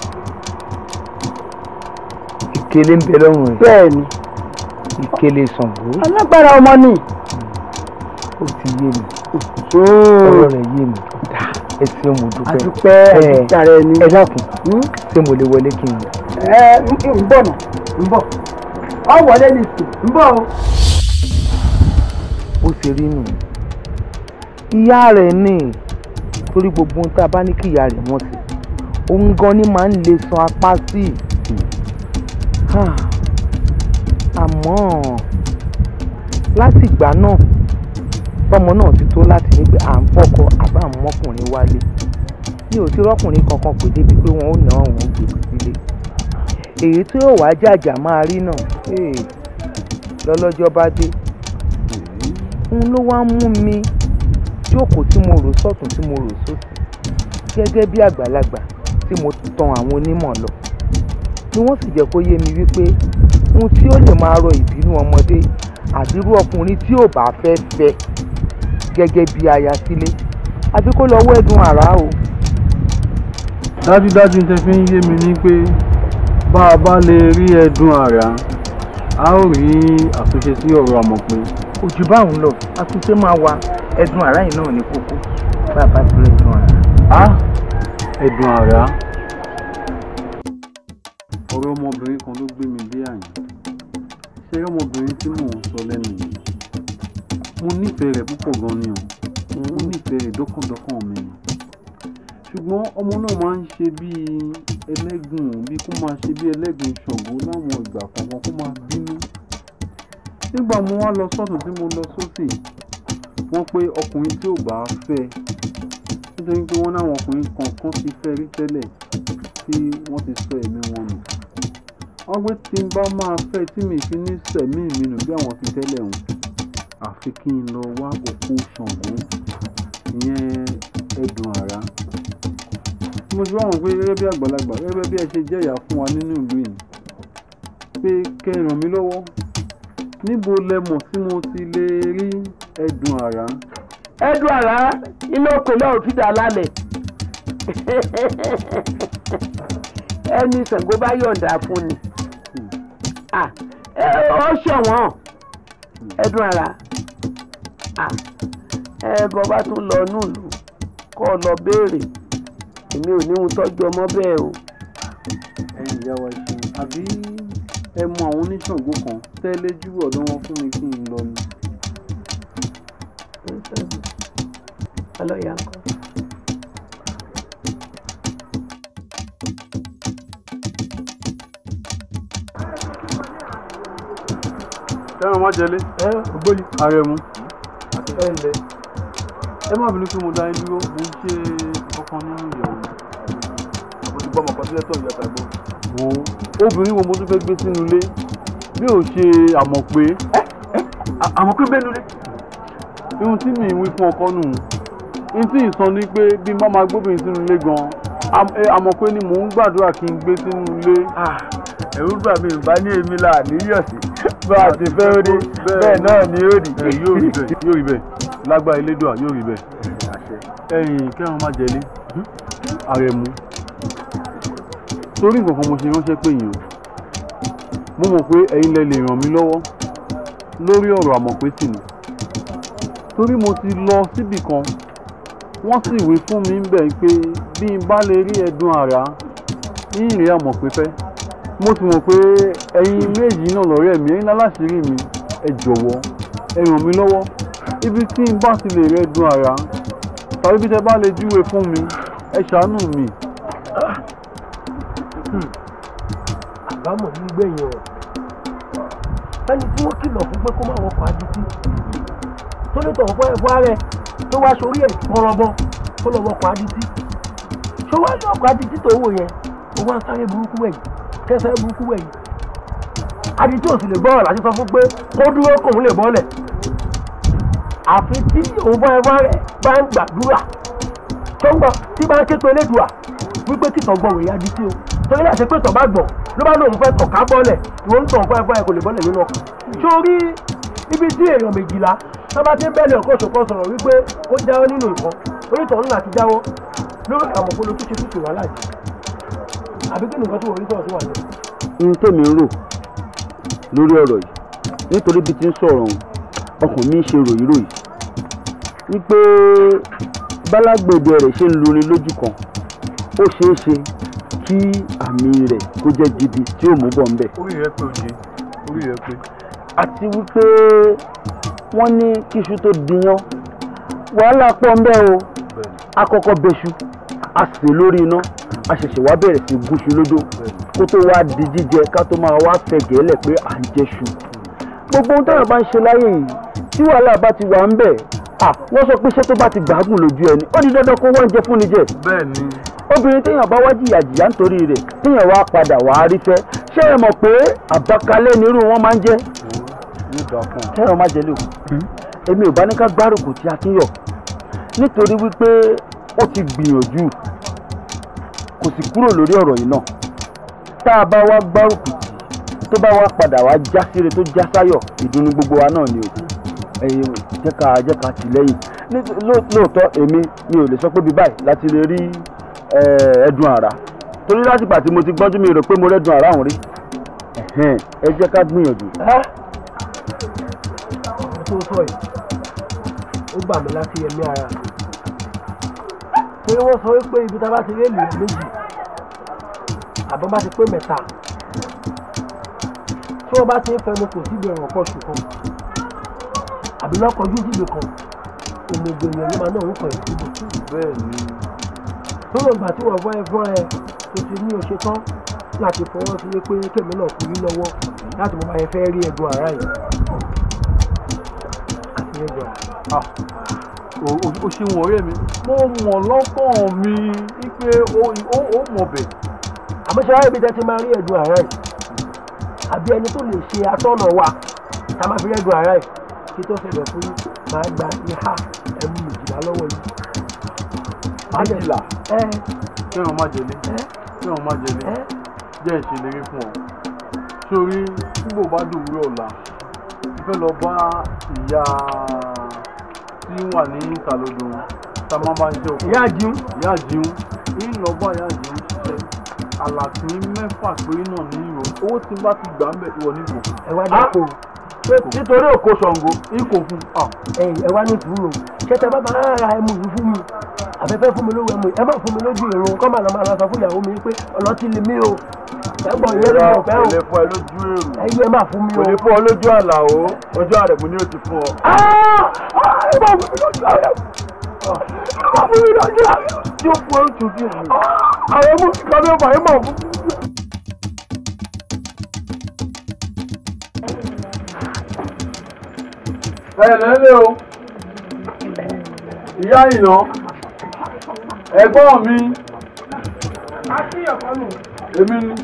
ìkele ń bẹ lọ́rùn rẹ̀. bẹ́ẹ̀ni. ìkele Ṣàngó. alágbára ọmọ ni. ó ti yé mi ọ̀rọ̀ rẹ̀ yé mi ẹ ṣeun mo dúpẹ́ àdúpẹ́ àdúpẹ́ ẹni ẹ dákun hmm? ṣé mo lè wọlé kí n. ẹ ń bọ̀ nà ń bọ̀ ọ wọlé nìsín ń bọ̀ o bó ṣe rí nù ìyá rẹ̀ ni torí gbogbo ohun tá a bá ní kí ìyá rẹ̀ wọ́n sí òun gan ni màá ń lè san apá sí àmọ́ láti ìgbà náà tọmọ náà ti tó láti ní pé à ń bọ́kọ àbá ń mọ́kùnrin wálé mi ò ti rọ́kùnrin kankan pè débi pé wọn ò ná òun gbèsè sílé èyí tí yóò wá jàjà máa rí náà lọ́lọ́jọ́ bá dé òun ló wá ń mú mi jókòó tí mo rò sọ́tún tí mo rò sósì gẹ́gẹ́ bí àgbàlagbà tí mo tan àwọn onímọ̀ lọ ni wọ́n sì jẹ́ kó yé mi wípé ohun tí ó lè máa rọ ìbínú ọmọdé àbírú ọkùnrin tí ò bá fẹ́ fẹ́ gẹ́gẹ́ bí aya sílé àfi kó lọ wẹ́dùn àrá o. dájúdájú tẹ fi ń yé mi ní pé bá a bá lè rí ẹ̀dùn àrá a ó rí àtúnṣe sí ọ̀rọ̀ àmọ̀pin kò jù báwọn lọ akúṣe máa wa ẹdun ara yìí náà ní kókó bàbá tó ẹdun ara. a ẹdun ara ọ̀rọ̀ ọmọbìnrin kan ló gbé mi dé àyè ṣé ọmọbìnrin tí mò ń sọ lẹ́nu yìí mo nífẹ̀ẹ́ rẹ̀ púpọ̀ gan ni o mo nífẹ̀ẹ́ rẹ̀ dọ́kàndọ́kàn mi ni ṣùgbọ́n ọmọ náà máa ń ṣe bíi ẹlẹ́gùn bíi kó máa ṣe bíi ẹlẹ́gùn ṣọ̀gbọ́n láwọn ìgbà kọ̀ọ̀kan kó máa bínú nígbà mo wá lọ sọ́tún tí mo lọ sósì wọ́n pé ọkùnrin tí ò bá fẹ́ nítorí pé wọ́n láwọn ọkùnrin kọ̀ọ̀kan ti fẹ́ rí tẹ́lẹ̀ tí wọ́n ti sọ ẹ̀mí wọn nù wọ́n pé tí n bá máa fẹ́ tí mi fi ní sẹ̀mí mi nù bí àwọn ti tẹ́lẹ̀ hùn àfi kí n lọ wá òkú Ṣàngó ìyẹn ẹ̀dùn àrá mo ti wá wọn pé gẹ́gẹ́ bí àgbàlagbà gẹ́gẹ́ bí ẹ ṣe jẹ́yà fún wa nínú ìlú yìí pé kẹ́ ẹ ràn mí lọ́wọ́ níbo lẹ mọ̀ tí mo ti lè rí ẹ̀dùn àrá. ẹ̀dùn àrá iná pẹ̀lú òtútù alálẹ̀ ẹni Ṣàngó bá yọ̀ǹda fún ni ó ṣọ̀wọ́n ẹ̀dùn àrá bọ́ bá tún lọ nílùú kọ́ ọ lọ béèrè èmi ò ní ohun tọ́jú ọmọ bẹ́ẹ̀ o. ẹ̀yin ìyá wa ṣe àbí ẹ mọ àwọn oníṣàngó kan tẹ́lẹ̀ júwọ́ ọ̀dọ̀ wọn fún mi kí n lọ ni. ọlọ́yà kan. tẹ́wọ̀n má jẹlé. ẹ ògbóni. àrẹ̀mú. ẹ ǹlẹ́. ẹ má bínú kí mo dá yín dúró mo ń ṣe ọkàn nínú ìyàwó. àbójútó ọmọ kan sílẹ̀ tó ń yàtọ̀ gbòòrò wo obìnrin wo mo tún fẹ́ gbé sínú ilé bí ò ṣe àmọ̀ pé. àmọ̀ pé bẹ́ẹ̀ tí mi wí fún ọkọ nù ihun tí ìsan ni pé bí má máa gbóbìnrin sínú ilé gan-an ni mò ń gbàdúrà kí n gbé sínú ilé. ẹ̀rù bà mí ìbá ní èmi là níyọ̀ sí bá a ti fẹ́ rí bẹ́ẹ̀ náà ni yóò rí. yóò rí bẹ́ẹ̀ yóò rí bẹ́ẹ̀ lágbá elédùà yóò rí bẹ́ẹ̀ ẹ̀yìn kẹ́hìn má jẹ́lé hmm? àrẹ̀mú torí nǹkan kan mo ṣe ránṣẹ́ pé yín o mo mọ̀ pé ẹ̀yin lẹ lè ràn mí lọ́wọ́ lórí ọ̀rọ̀ àmọ̀pẹ́sì ni torí mo ti lọ síbì kan wọ́n sì wí fún mi bẹ́ẹ̀ pé bí n bá lè rí ẹ̀dùn àrà ní ìrìn àmọ̀pẹ́fẹ́ mo sì mọ̀ pé ẹ̀yin méjì náà lọ́rẹ́ mi ẹ̀yin láláṣírí mi ẹ jọ̀wọ́ ẹ ràn mí lọ́wọ́ ibi tí n bá ti lè rẹ́dùn àrà tàbí bí tẹ bá lè júwe fún mi ẹ ṣàánú mi. Hmm. àbámọ̀ ní gbẹ̀yìn ọ̀rọ̀ ẹni tí wọ́n kìlọ̀ fún pé kó má wọkọ̀ adití tó lè tọ̀wọ́ pẹ́ fún ààrẹ tó wá sórí ẹ̀ kọrọbọ kó lọ wọkọ̀ adití ṣó wá ní ọkọ̀ adití tó wò yẹn owó asáré burúkú wẹ̀yìn kẹsẹ̀ burúkú wẹ̀yìn adití ò sì lè gbọ́rọ̀ láti sọ fún pé kó dúró kòun lè bọ́lẹ̀ àfi tí òun bá ẹ fún ààrẹ bá ń gbàdúrà tó ń gbọ́ tí bá ń ké torí àti pé tọ̀ bá gbọ̀ ló bá lóun fẹ́ tọ̀ ká bọ́lẹ̀ ìwọ ń tọ̀ nǹkan ẹ̀fọ́ ẹ̀ kò lè bọ́lẹ̀ nínú ọkàn. sórí ibi tí èèyàn méjìlá tá bá ti ń bẹ́ẹ̀lì ọ̀kọ́ ṣòkan sọ̀rọ̀ wípé ó jáwọ́ nínú nǹkan onítọ̀ ńlá ti jáwọ́ lórí àwọn ọ̀pọ̀ lójúṣe tútù wà láàyè àbí kí nìkan tí wọ́n rí sọ̀rọ̀ tó wà lẹ́yìn. n tèmi ń rò lórí ọ̀rọ̀ yìí nítorí bí ti ń sọ̀rọ̀ ọkàn mi ń ṣe ròyìnròyìn wípé bálágbèdè rẹ̀ ṣe ń lurin lójú kan ó ṣeé ṣe kí àmì rẹ̀ kó jẹ́ gidi tí ó mú bọ̀ ń bẹ̀. orí rẹ pé oje orí rẹ pé. àti wípé wọ́n ní kíṣu tó dìyàn wàhálà pọ̀ ń bẹ̀ o àkọ́kọ́ bẹṣu a sè lórí iná a ṣẹ̀ṣẹ̀ wá bẹ̀rẹ̀ sí gúnṣu lódò kó tó wá di jíjẹ ká tó máa wá fẹ̀ gẹ́lẹ̀ pé à ń jẹṣu gbogbo ohun táwọn bá ń ṣe láyé yìí tí wàhálà bá ti wà ń bẹ̀ wọ́n sọ pé iṣẹ́ tó bá ti gbàgùn lójú ẹni ó ní dandan kó wọ́n jẹ fún ni jẹ. bẹ́ẹ̀ obìnrin téèyàn bá wá jìyà jìyà nítorí rẹ̀ téèyàn wá padà wá rí fẹ́ ṣé ẹ mọ̀ pé àbákalẹ̀ nírú wọn máa ń jẹ́ kẹ́rọ má jẹ́ lèkùn èmi ò bá ní ká gbárùkù tí a ti yọ nítorí wípé ó ti gbìyànjú kò sì kúrò lórí ọ̀rọ̀ yìí náà tá a bá wá gbárùkù tì tó bá wá padà wá já síre tó já sáyọ̀ ìdùnnú gbogbo wa náà ni o jẹ́ ká jẹ́ ká tì lẹ́yìn lóòótọ́ èmi mi ò lè sọ pé bíi láti lè rí ẹ̀ẹ́dùn ara torí lásìgbà tí mo ti gbọ́njú mi rò pé mo rẹ́dùn ara òun rí ẹ jẹ́ ká gbìyànjú. tó sọ yìí ó gbà mí láti ẹ̀mí ara pé wọ́n sọ wípé ibi tá a bá ti rí ènìyàn méjì àbọ̀ bá ti pé mẹ́ta tí wọ́n bá ti ń fẹnu kò síbi ọ̀rọ̀ kan ṣùgbọ́n àbí lọ́kọ̀ọ́jú síbi kan òmùgbò èèyàn ló máa náà ń kọ̀ ẹ̀ síbi. bẹ́ẹ̀ ni lọ́nà ìgbà tí wọ́n bá ẹ fọ́ra tó ti ní òṣè tán láti fọwọ́ sí pé kèmí náà kú yín lọ́wọ́ láti mo bá fẹ́ rí ẹ̀dùn ara yìí àti ẹ̀dùn ara. Ah, o ṣeun ọ̀rẹ́ mi mo mọ̀ lọ́kàn mi wípé ó mọ̀ bẹ̀. àmọ́ṣe ibi tẹ́ ti máa rí ẹ̀dùn ara yìí àbí ẹni tó lè ṣe atọ́nà wa tá a máa fi rẹ́dùn ara yìí kí tó fún yín máa gba ihá ẹ̀mú méjìlá lọ́wọ́ yìí. májèlá fẹ́ràn eh. májèlé fẹ́ràn eh. májèlé eh. jẹ́ ìṣèlérí fún ọ sori bá dòwúrọ̀ ọ̀la lọ bá ìyá tí wà ní ìtàlódò a máa bá òkú ìyá ìyá lọ bá ìyá ṣiṣẹ́ àlàfín mẹ́fà péré náà ní owó tí bá ti gbà ń ẹ wá wá ní ṣé tẹ bá bá rárá àfẹ́fẹ́ fún mi lówó ẹmu ẹ má fún mi lójú ìrún kọ́ màá lọ máa fún ìyàwó mi pé ọlọ́tí lè mí o ẹgbọ̀n yẹn ló mọ̀ fẹ́ o fún ẹ lójú èrò ẹyẹ má fún mi o kò fún ọ lójú àlà o ojú àrẹ̀mú ni ó ti fún ọ. Ah! Ah! ẹ má fún mi lójú àrẹ̀mú ẹ mi lójú àrẹ̀mú yóò fún ẹ lójú mi. àwọn ọmọ mi kan ní ọmọ yẹn mọ̀ fún mi. ẹ lẹ́lẹ́ o ìyá ìyàn ẹ̀gbọ́n mi. èmi ni.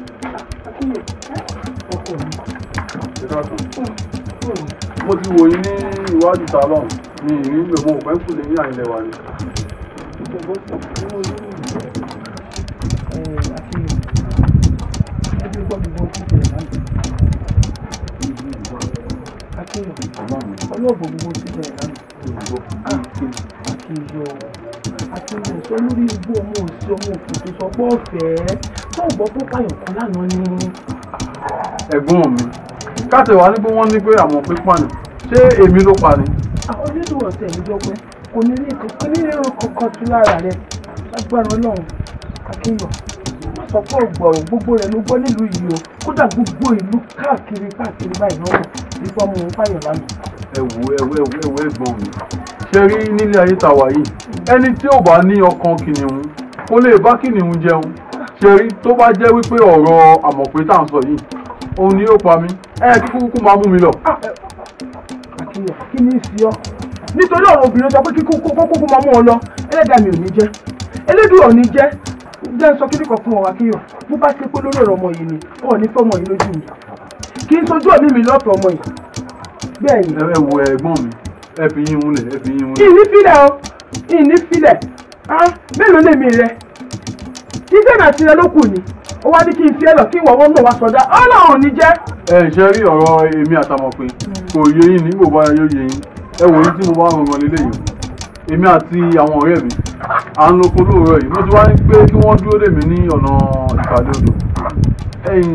mo ti wò yín ní iwájú salon mi ìrìn ìlú mo fẹ́ kú lè ní àyìnlẹ̀ wa ni. Ọlọ́ọ̀bù gbogbo ti bẹ̀rẹ̀ lánàá. Àti ah, ìyọ̀ àti ohun èso lórí igbó ọmọ òsì ọmọ òkè tó sọ pé ọ̀fẹ́ tó gbọ́ pé pààyàn kan lánàá ni. ẹ̀gbọ́n mi káàtẹ̀ wá ní pé wọ́n ní pé àwọn pé pààyàn ṣé èmi ló pa ni. àwọn ah, onídùú ọ̀sẹ̀ mi jọ pé kò ní ilé kankan ní ìran kankan tún lára rẹ lágbára ọlọ́run akínyàn wọ́n sọ pé ọgbà ò gbogbo rẹ̀ ló gbọ́ nílùú yìí o kódà gbogbo ìlú káàkiri káàkiri báyìí náà nípa ọmọ òun pààyàn lánàá. ẹ wo ẹ wo ẹ wo ẹ gbọ́n mi ṣe rí nílé ayé tàwa yìí ẹni tí ò bá ní ọkàn kìnìún kó lè bá kìnìún jẹun ṣerí tó bá jẹ́ wípé ọ̀rọ̀ àmọ̀pé tá à ń sọ yìí òun ni yóò pa mí ẹ kí kúkú máa mú mi lọ. Ah, kí ni ìsì ọ nítorí ọ̀rọ̀ obìnrin sọ pé kí kúkú máa mú ọ lọ ẹlẹ́dàá mi ò ní jẹ́ ẹlẹ́dùn ò ní jẹ́ jẹ́ ń sọ kí nìkan fún ọ akíyọ̀ bó bá ti pé lórí ọ̀rọ̀ ọmọ yìí ni ọ̀ ní fọmọ yìí lójú mi kì í sojú ọ̀mí mi lọ́ọ̀tọ̀ ọmọ yìí bẹ́ẹ̀ ni. ẹ wo ẹ̀gbọ́n mi ẹ fi yín wúlẹ̀ ẹ fi yín wúlẹ̀. kì í fi lẹ̀ ìní filẹ̀ mélòó lèmi rẹ iṣẹ́ náà tirẹ̀ ló kù ni ó wá ní kí n fi ẹ lọ kí ìwọ̀wọ́ náà wá sọdá ọlọ́run ní jẹ́. ẹ ṣe rí ọ̀rọ̀ èmi àtàmọ̀pin kò yé yín ní gbogbo ara yóò yé yín ẹ wòye tí mo bá ń rọrùn lélẹ́yìn èmi àti àwọn ọ̀rẹ́ mi à ń loko lóòrọ̀ yìí mo ti wá ní pé kí wọ́n dúró dè mí ní ọ̀nà ìpàdé odò ẹ̀yìn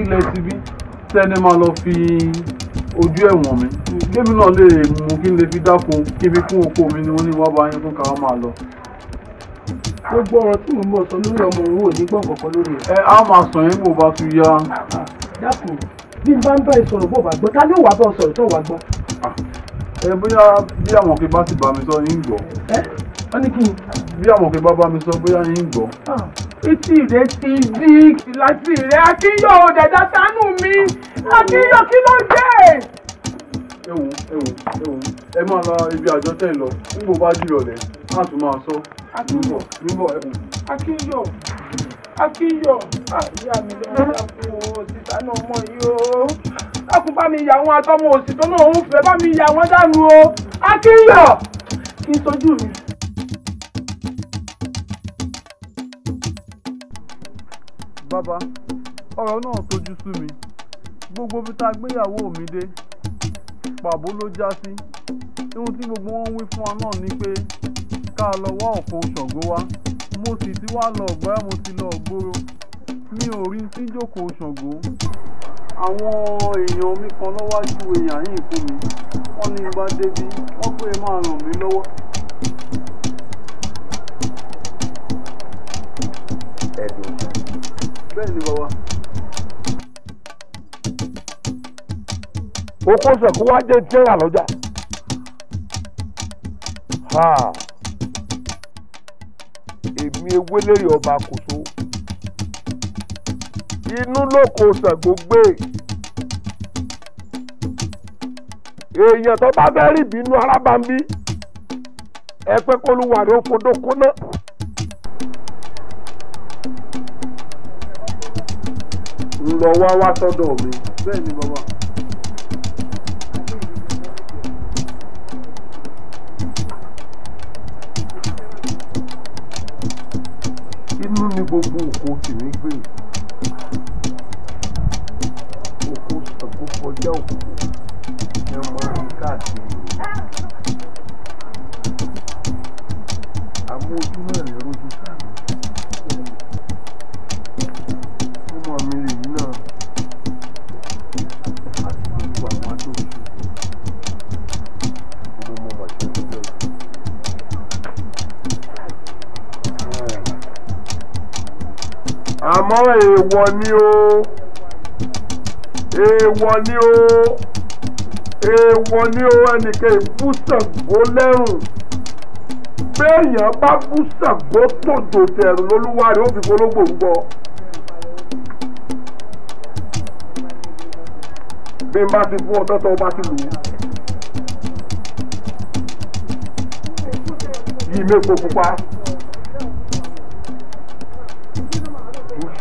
ilẹ̀ tibí tẹ́ni máa lọ fi ojú ẹ̀wọ̀n mi kébì náà lè mú kí n lè fi dáko kíbi fún oko mi ni wọ́n ní wọ́n bá yín tó kàá máa lọ. gbogbo ọ̀rọ̀ tí mò ń bọ̀ sọ lórí ọmọ òun ò ní gbọ̀n kankan lórí ẹ̀. ẹ á máa sàn yín bó bá tún yá. dákun bí n bá ń bá ẹ sọ̀rọ̀ bó bá gbọ́ ta ló wàá bá ọ sọ̀rọ̀ tó wàá gbọ́. Ah, ẹ bóyá bí àwọn kí bá sì bá mi sọ yín gbọ́. ẹ wọ́n ní kí n bí àmọ̀kẹ́ bá bá mi sọ bóyá yín gbọ́. Ah, etí rẹ ti dí láti rẹ akínyọ dàda sánú mi akínyọ kí ló dé. ẹ wò ẹ ẹ máa lọ ibi àjọ tẹ̀ lọ nígbò bá dìrọ̀lẹ́ má tún máa sọ. akínyọ akínyọ akínyọ àyà mi lọ́wọ́ kú òsì sánú ọmọ yìí o lákùn bá mi yà wọn àtọmọ òsì tó náà ń fẹ́ bá mi yà wọn dànù o akínyọ kí n sojú mi. bàbá ọ̀rọ̀ náà tójú sú mi gbogbo bí tá a gbéyàwó mi dé pàbó ló já sí ohun tí gbogbo wọn wí fún wa náà ni pé ká lọ wá ọ̀pọ̀ ṣàngó wa mo sì ti wá lọ ọ̀gbá mo ti lọ ọ̀gbóró mi ò rí síjókòó ṣàngó àwọn èèyàn mi kan lọ́wájú èèyàn yìí fún mi wọ́n ní gbàdébí wọ́n pé máa ràn mí lọ́wọ́ bẹ́ẹ̀ ni wọ́wọ́. oko sẹ̀kú wá jẹ́ jẹ́rà lọ́jà. èmi ewélérè ọba kòso inú lóko sẹ̀gbó gbé èèyàn tó bá fẹ́ rí ìbínú arábàmbí ẹ pé kó lu wàrí ó kóná. lọ wá wá sọ́dọ̀ mi. bẹ́ẹ̀ ni bàbá. inú ni gbogbo òkú tèmi gbé òkú ṣàkóso òkú. èèwọ̀ ni o èèwọ̀ ni o èèwọ̀ ni o ẹnìkan ìbú Ṣàngó lẹ́rùn béèyàn bá bú Ṣàngó tòjò tẹ̀rù lólúwa ó fi gbólógbò rúbọ. bí n bá ti fún ọtọ́ tó bá ti lù ú. yìí mẹ́kọ̀ọ́ pupa.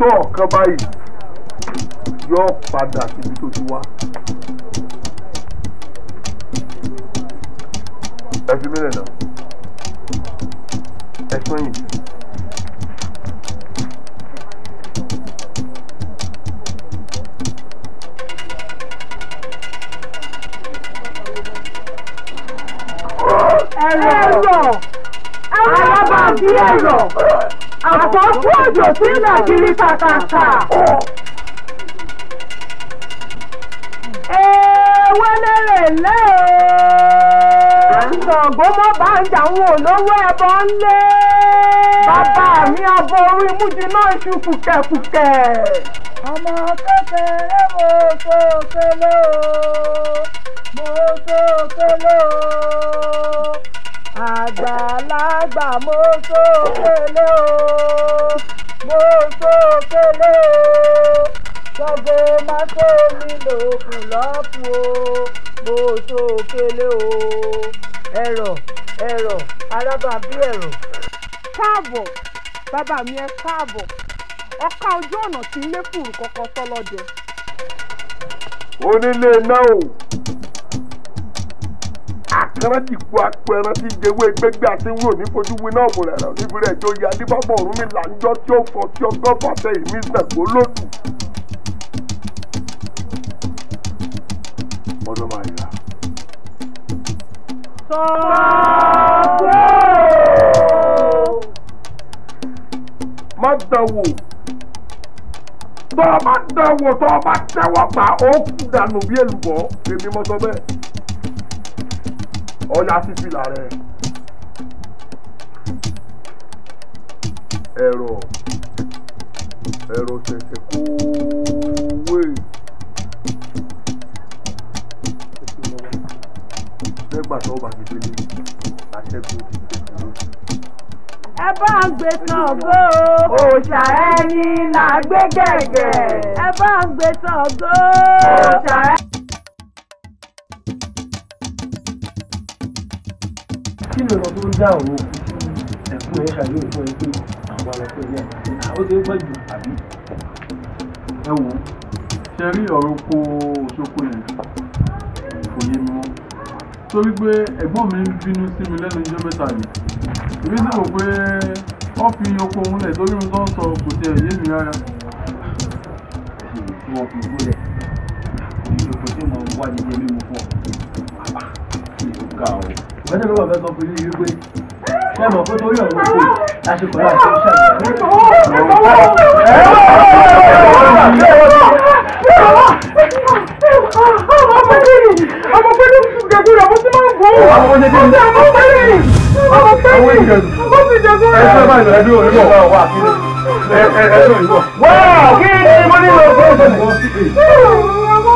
kọ̀ọ̀kan báyìí yóò padà síbi tó ti wá. jò sí nàìjírí kàkàkà. ewé lérè lé o. ṣàngó mọ́ bá ń jà àwọn olówó ẹbọ ńlé. bàbá mi abo orí mújì náà ṣu kùkẹ̀kùkẹ̀. ọmọ kékeré mo tó kélé o mo tó kélé o àgbàlagbà mo tó kélé o mo kele, o Ṣàngó má mi lòkùn lọ́kùn o mo sókèlè o ẹ̀rọ ẹ̀rọ arábàbí ẹ̀rọ. káàbọ̀ bàbá mi ẹ káàbọ̀ ọ̀ka ojú ọ̀nà tí ń lé fùrù kọ́kọ́ tọ́lọ́dẹ. onílé náà o akẹrẹ ti ku akọ ẹran ti jẹwé gbẹgbẹ àti wúrò ní fojú winá ọ̀bùn rẹ̀ rẹ̀ níbi rẹ̀ tó yẹ adébábọ̀ ọ̀rún mi là ń jọ́ tí ó fọ tí ọgọ́fà tẹ ìmí sẹ̀kó lódù. ọdún máa yà. sọ́ọ́ má dánwò tọ́ ọ bá dánwò tọ́ ọ bá tẹ́wọ́ gbà ó kú dànù bí èlùbọ́ èmi mọ́ sọ bẹ́ẹ̀ ọ̀yà sífìlà rẹ̀ ẹ̀rọ ẹ̀rọ ṣẹ̀ṣẹ̀ kó wé lẹ́gbà tó bá ti délé àṣẹ́gun ti délé. ẹ bá ń gbé tán gbó òòṣà ẹni là gbé gẹ̀gẹ̀. ẹ bá ń gbé tán gbó òòṣà ẹni. kí ni ọ̀rọ̀ tó ń dá òun ẹ̀kún ẹ̀ ṣàyẹ̀wò fún ẹ pé àwọn ọlọ́pẹ́ ilé ẹ̀ ó ti pẹ́ jù àbí. ẹ wò ó ṣe rí ọ̀rọ̀ kó Òṣogbo yẹn kò yé mi mọ́ torí pé ẹ̀gbọ́n mi ń bínú sí mi lẹ́nu ijọ́ mẹ́ta yìí èmi sì rò pé wọ́n fi oko òun lẹ̀ torí mi tó ń sọ kò tiẹ̀ yé mi rárá. ẹ̀sìn ìwọ̀n fi gbólẹ̀ ìṣòfò tí mo wá jẹjẹ mímu fún ọ bàbá ìlú ga o wọ́n tẹ̀lé wọ́n fẹ́ sọ fún yín wípé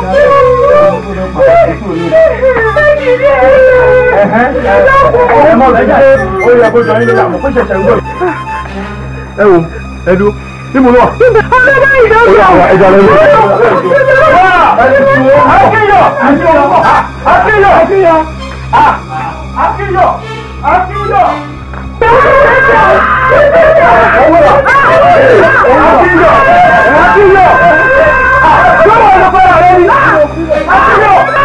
ẹ mọ̀ bí ṣe ó yẹ kó jọ yín lọ́la àmọ́ kó ṣẹ̀ṣẹ̀ ń gbọ́. ẹ wo ẹ dúró bí mo lọ. ọlọ́dẹ ìdọ́gba ẹja lọ lọ. akínyọ akínyọ akínyọ akínyọ akínyọ. Akínyọ akínyọ ọ̀rọ̀ ló pẹ́ rẹ̀ rí.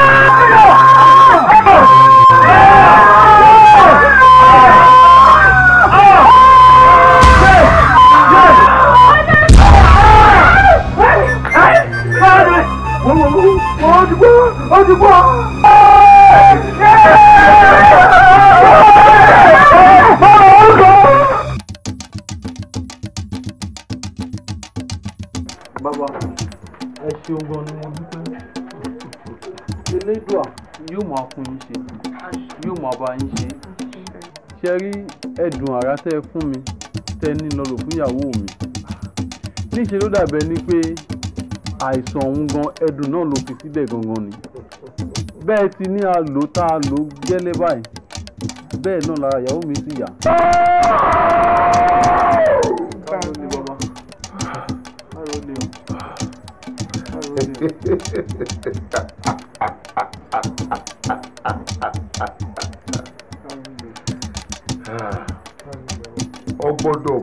bá yín ṣe ṣe rí ẹ̀dùn àrà tẹ́ ẹ fún mi tẹ́ ní lọ́lọ́ fún ìyàwó mi níṣẹ́ ló dàbẹ̀ ni pé àìsàn ọ̀hún gan ẹ̀dùn náà ló fi síbẹ̀ gangan ni bẹ́ẹ̀ ti ní a lò tá a lò gẹ́lẹ́ báyìí bẹ́ẹ̀ náà lára ìyàwó mi ti yà. Ha ha ha ha.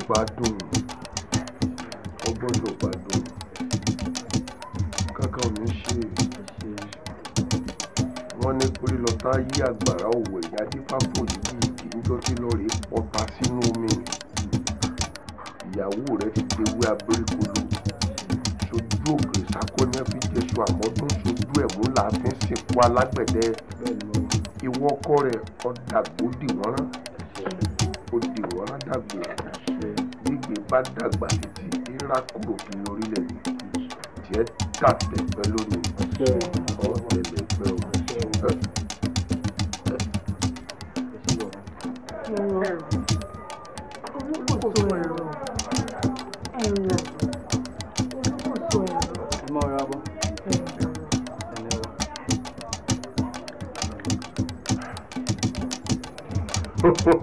gbádùn ó gbọ́dọ̀ gbádùn kankan ò ní ṣe wọ́n ní pé lọ́tà yí àgbàrá òwò ẹ̀yà dípápò yìí kì í jọ́ kí lọ́ọ̀rẹ́ pọ́ta sínú omi ìyàwó rẹ̀ ti dewé abẹ́rẹ́kọlù sojú òkè sákóníà fi jésù àmọ́dún sojú ẹ̀mú làáfin sìnkú alágbẹ̀dẹ ìwọ́kọ́ rẹ̀ ọ̀dàgbò dìwọ́n rán ó dìwọ́n rán dàgbò bá dàgbà títí rírà kúrò kí orílẹ̀ èdè tí ẹ dàtẹ̀gbẹ́ lórí ọ̀tẹ̀lẹ̀gbẹ́ ọ̀tẹ̀. Ho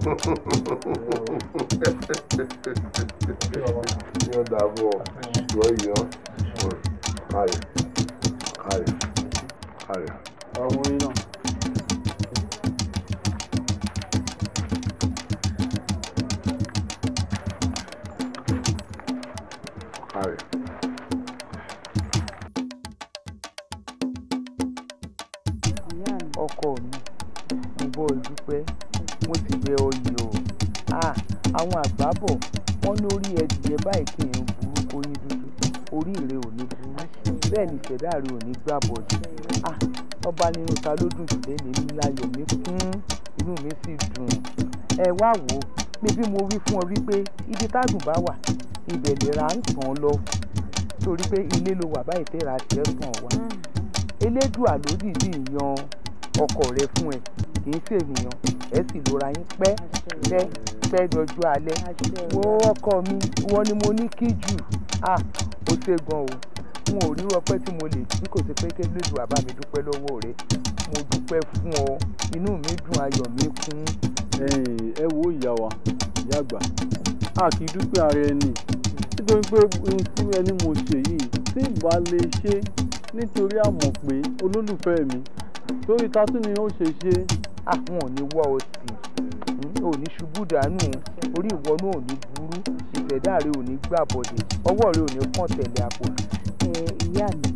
ho ho ho ho ho. tàgùn bá wà ibẹ̀ lè ra ń lọ torí pé ilé ló wà báyìí tẹ́ra ti ẹ̀ tàn wá hmm. elédùà ló dìdí yan ọkọ rẹ fún ẹ kì í ṣènìyàn ẹ sì lóra yín pẹ́ pẹ́ pẹ́ dọjú alẹ́ wo ọkọ mi wọ́n ni mo ní kí jù ah ó ṣe gan o n ò rí ọpẹ́ tí mo lè bí kò sí pé kébìlì bàbá mi dúpẹ́ lọ́wọ́ rẹ mo dúpẹ́ fún ọ inú mi dùn ayọ̀ mi kún a kì í dúpẹ́ ara ẹni nítorí pé ohun tí ẹni mo ṣe yìí tí ìbá lè ṣe nítorí àmọ̀ pé olólùfẹ́ mi torí tatú ni ó ṣe ṣe. àwọn ah, ò ní wá ọtí ò ní ṣubú dànù orí ìwọ náà ò ní burú ìṣẹ̀dá rẹ ò ní gbà bọ̀dẹ̀ ọwọ́ rẹ ò ní kàn tẹ̀lé àpò. ẹ ìyá mi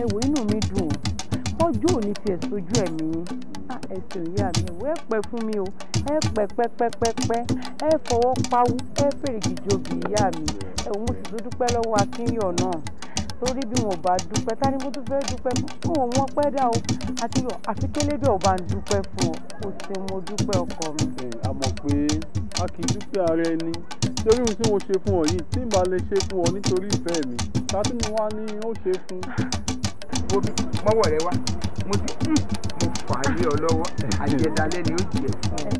ẹ wò inú mi dùn ọjọ́ òní tiẹ̀ sójú ẹ̀mí yín Ah, ẹsẹ̀ ìyá mi ò ẹ pẹ́ fún mi o ẹ pẹ́ pẹ́pẹ́pẹ́pẹ́ ẹ fọwọ́ pawú ẹ fèrè gidi obì ìyá mi ẹ̀wọ̀n mo sì tún dúpẹ́ lọ́wọ́ akínyàn náà torí bí wọn bá dúpẹ́ ta ni mo tún fẹ́ dúpẹ́ fún òun wọn pẹ́ dá o àti àfi kélédè ọba ń dúpẹ́ fún ọ o ṣeun mo dúpẹ́ ọkọ mi. a mọ̀ pé a kì í dúpẹ́ ara ẹni torí ohun tí mo ṣe fún ọ yìí tí n bá lè ṣe fún ọ nítorí ìfẹ́ mi ta tí mo wá ní ó ṣe fún. mọ́wọ́ rẹ wá mo ti mo fà á lé ọ lọ́wọ́ àjẹdálẹ́ ni ó jẹ fún ọ.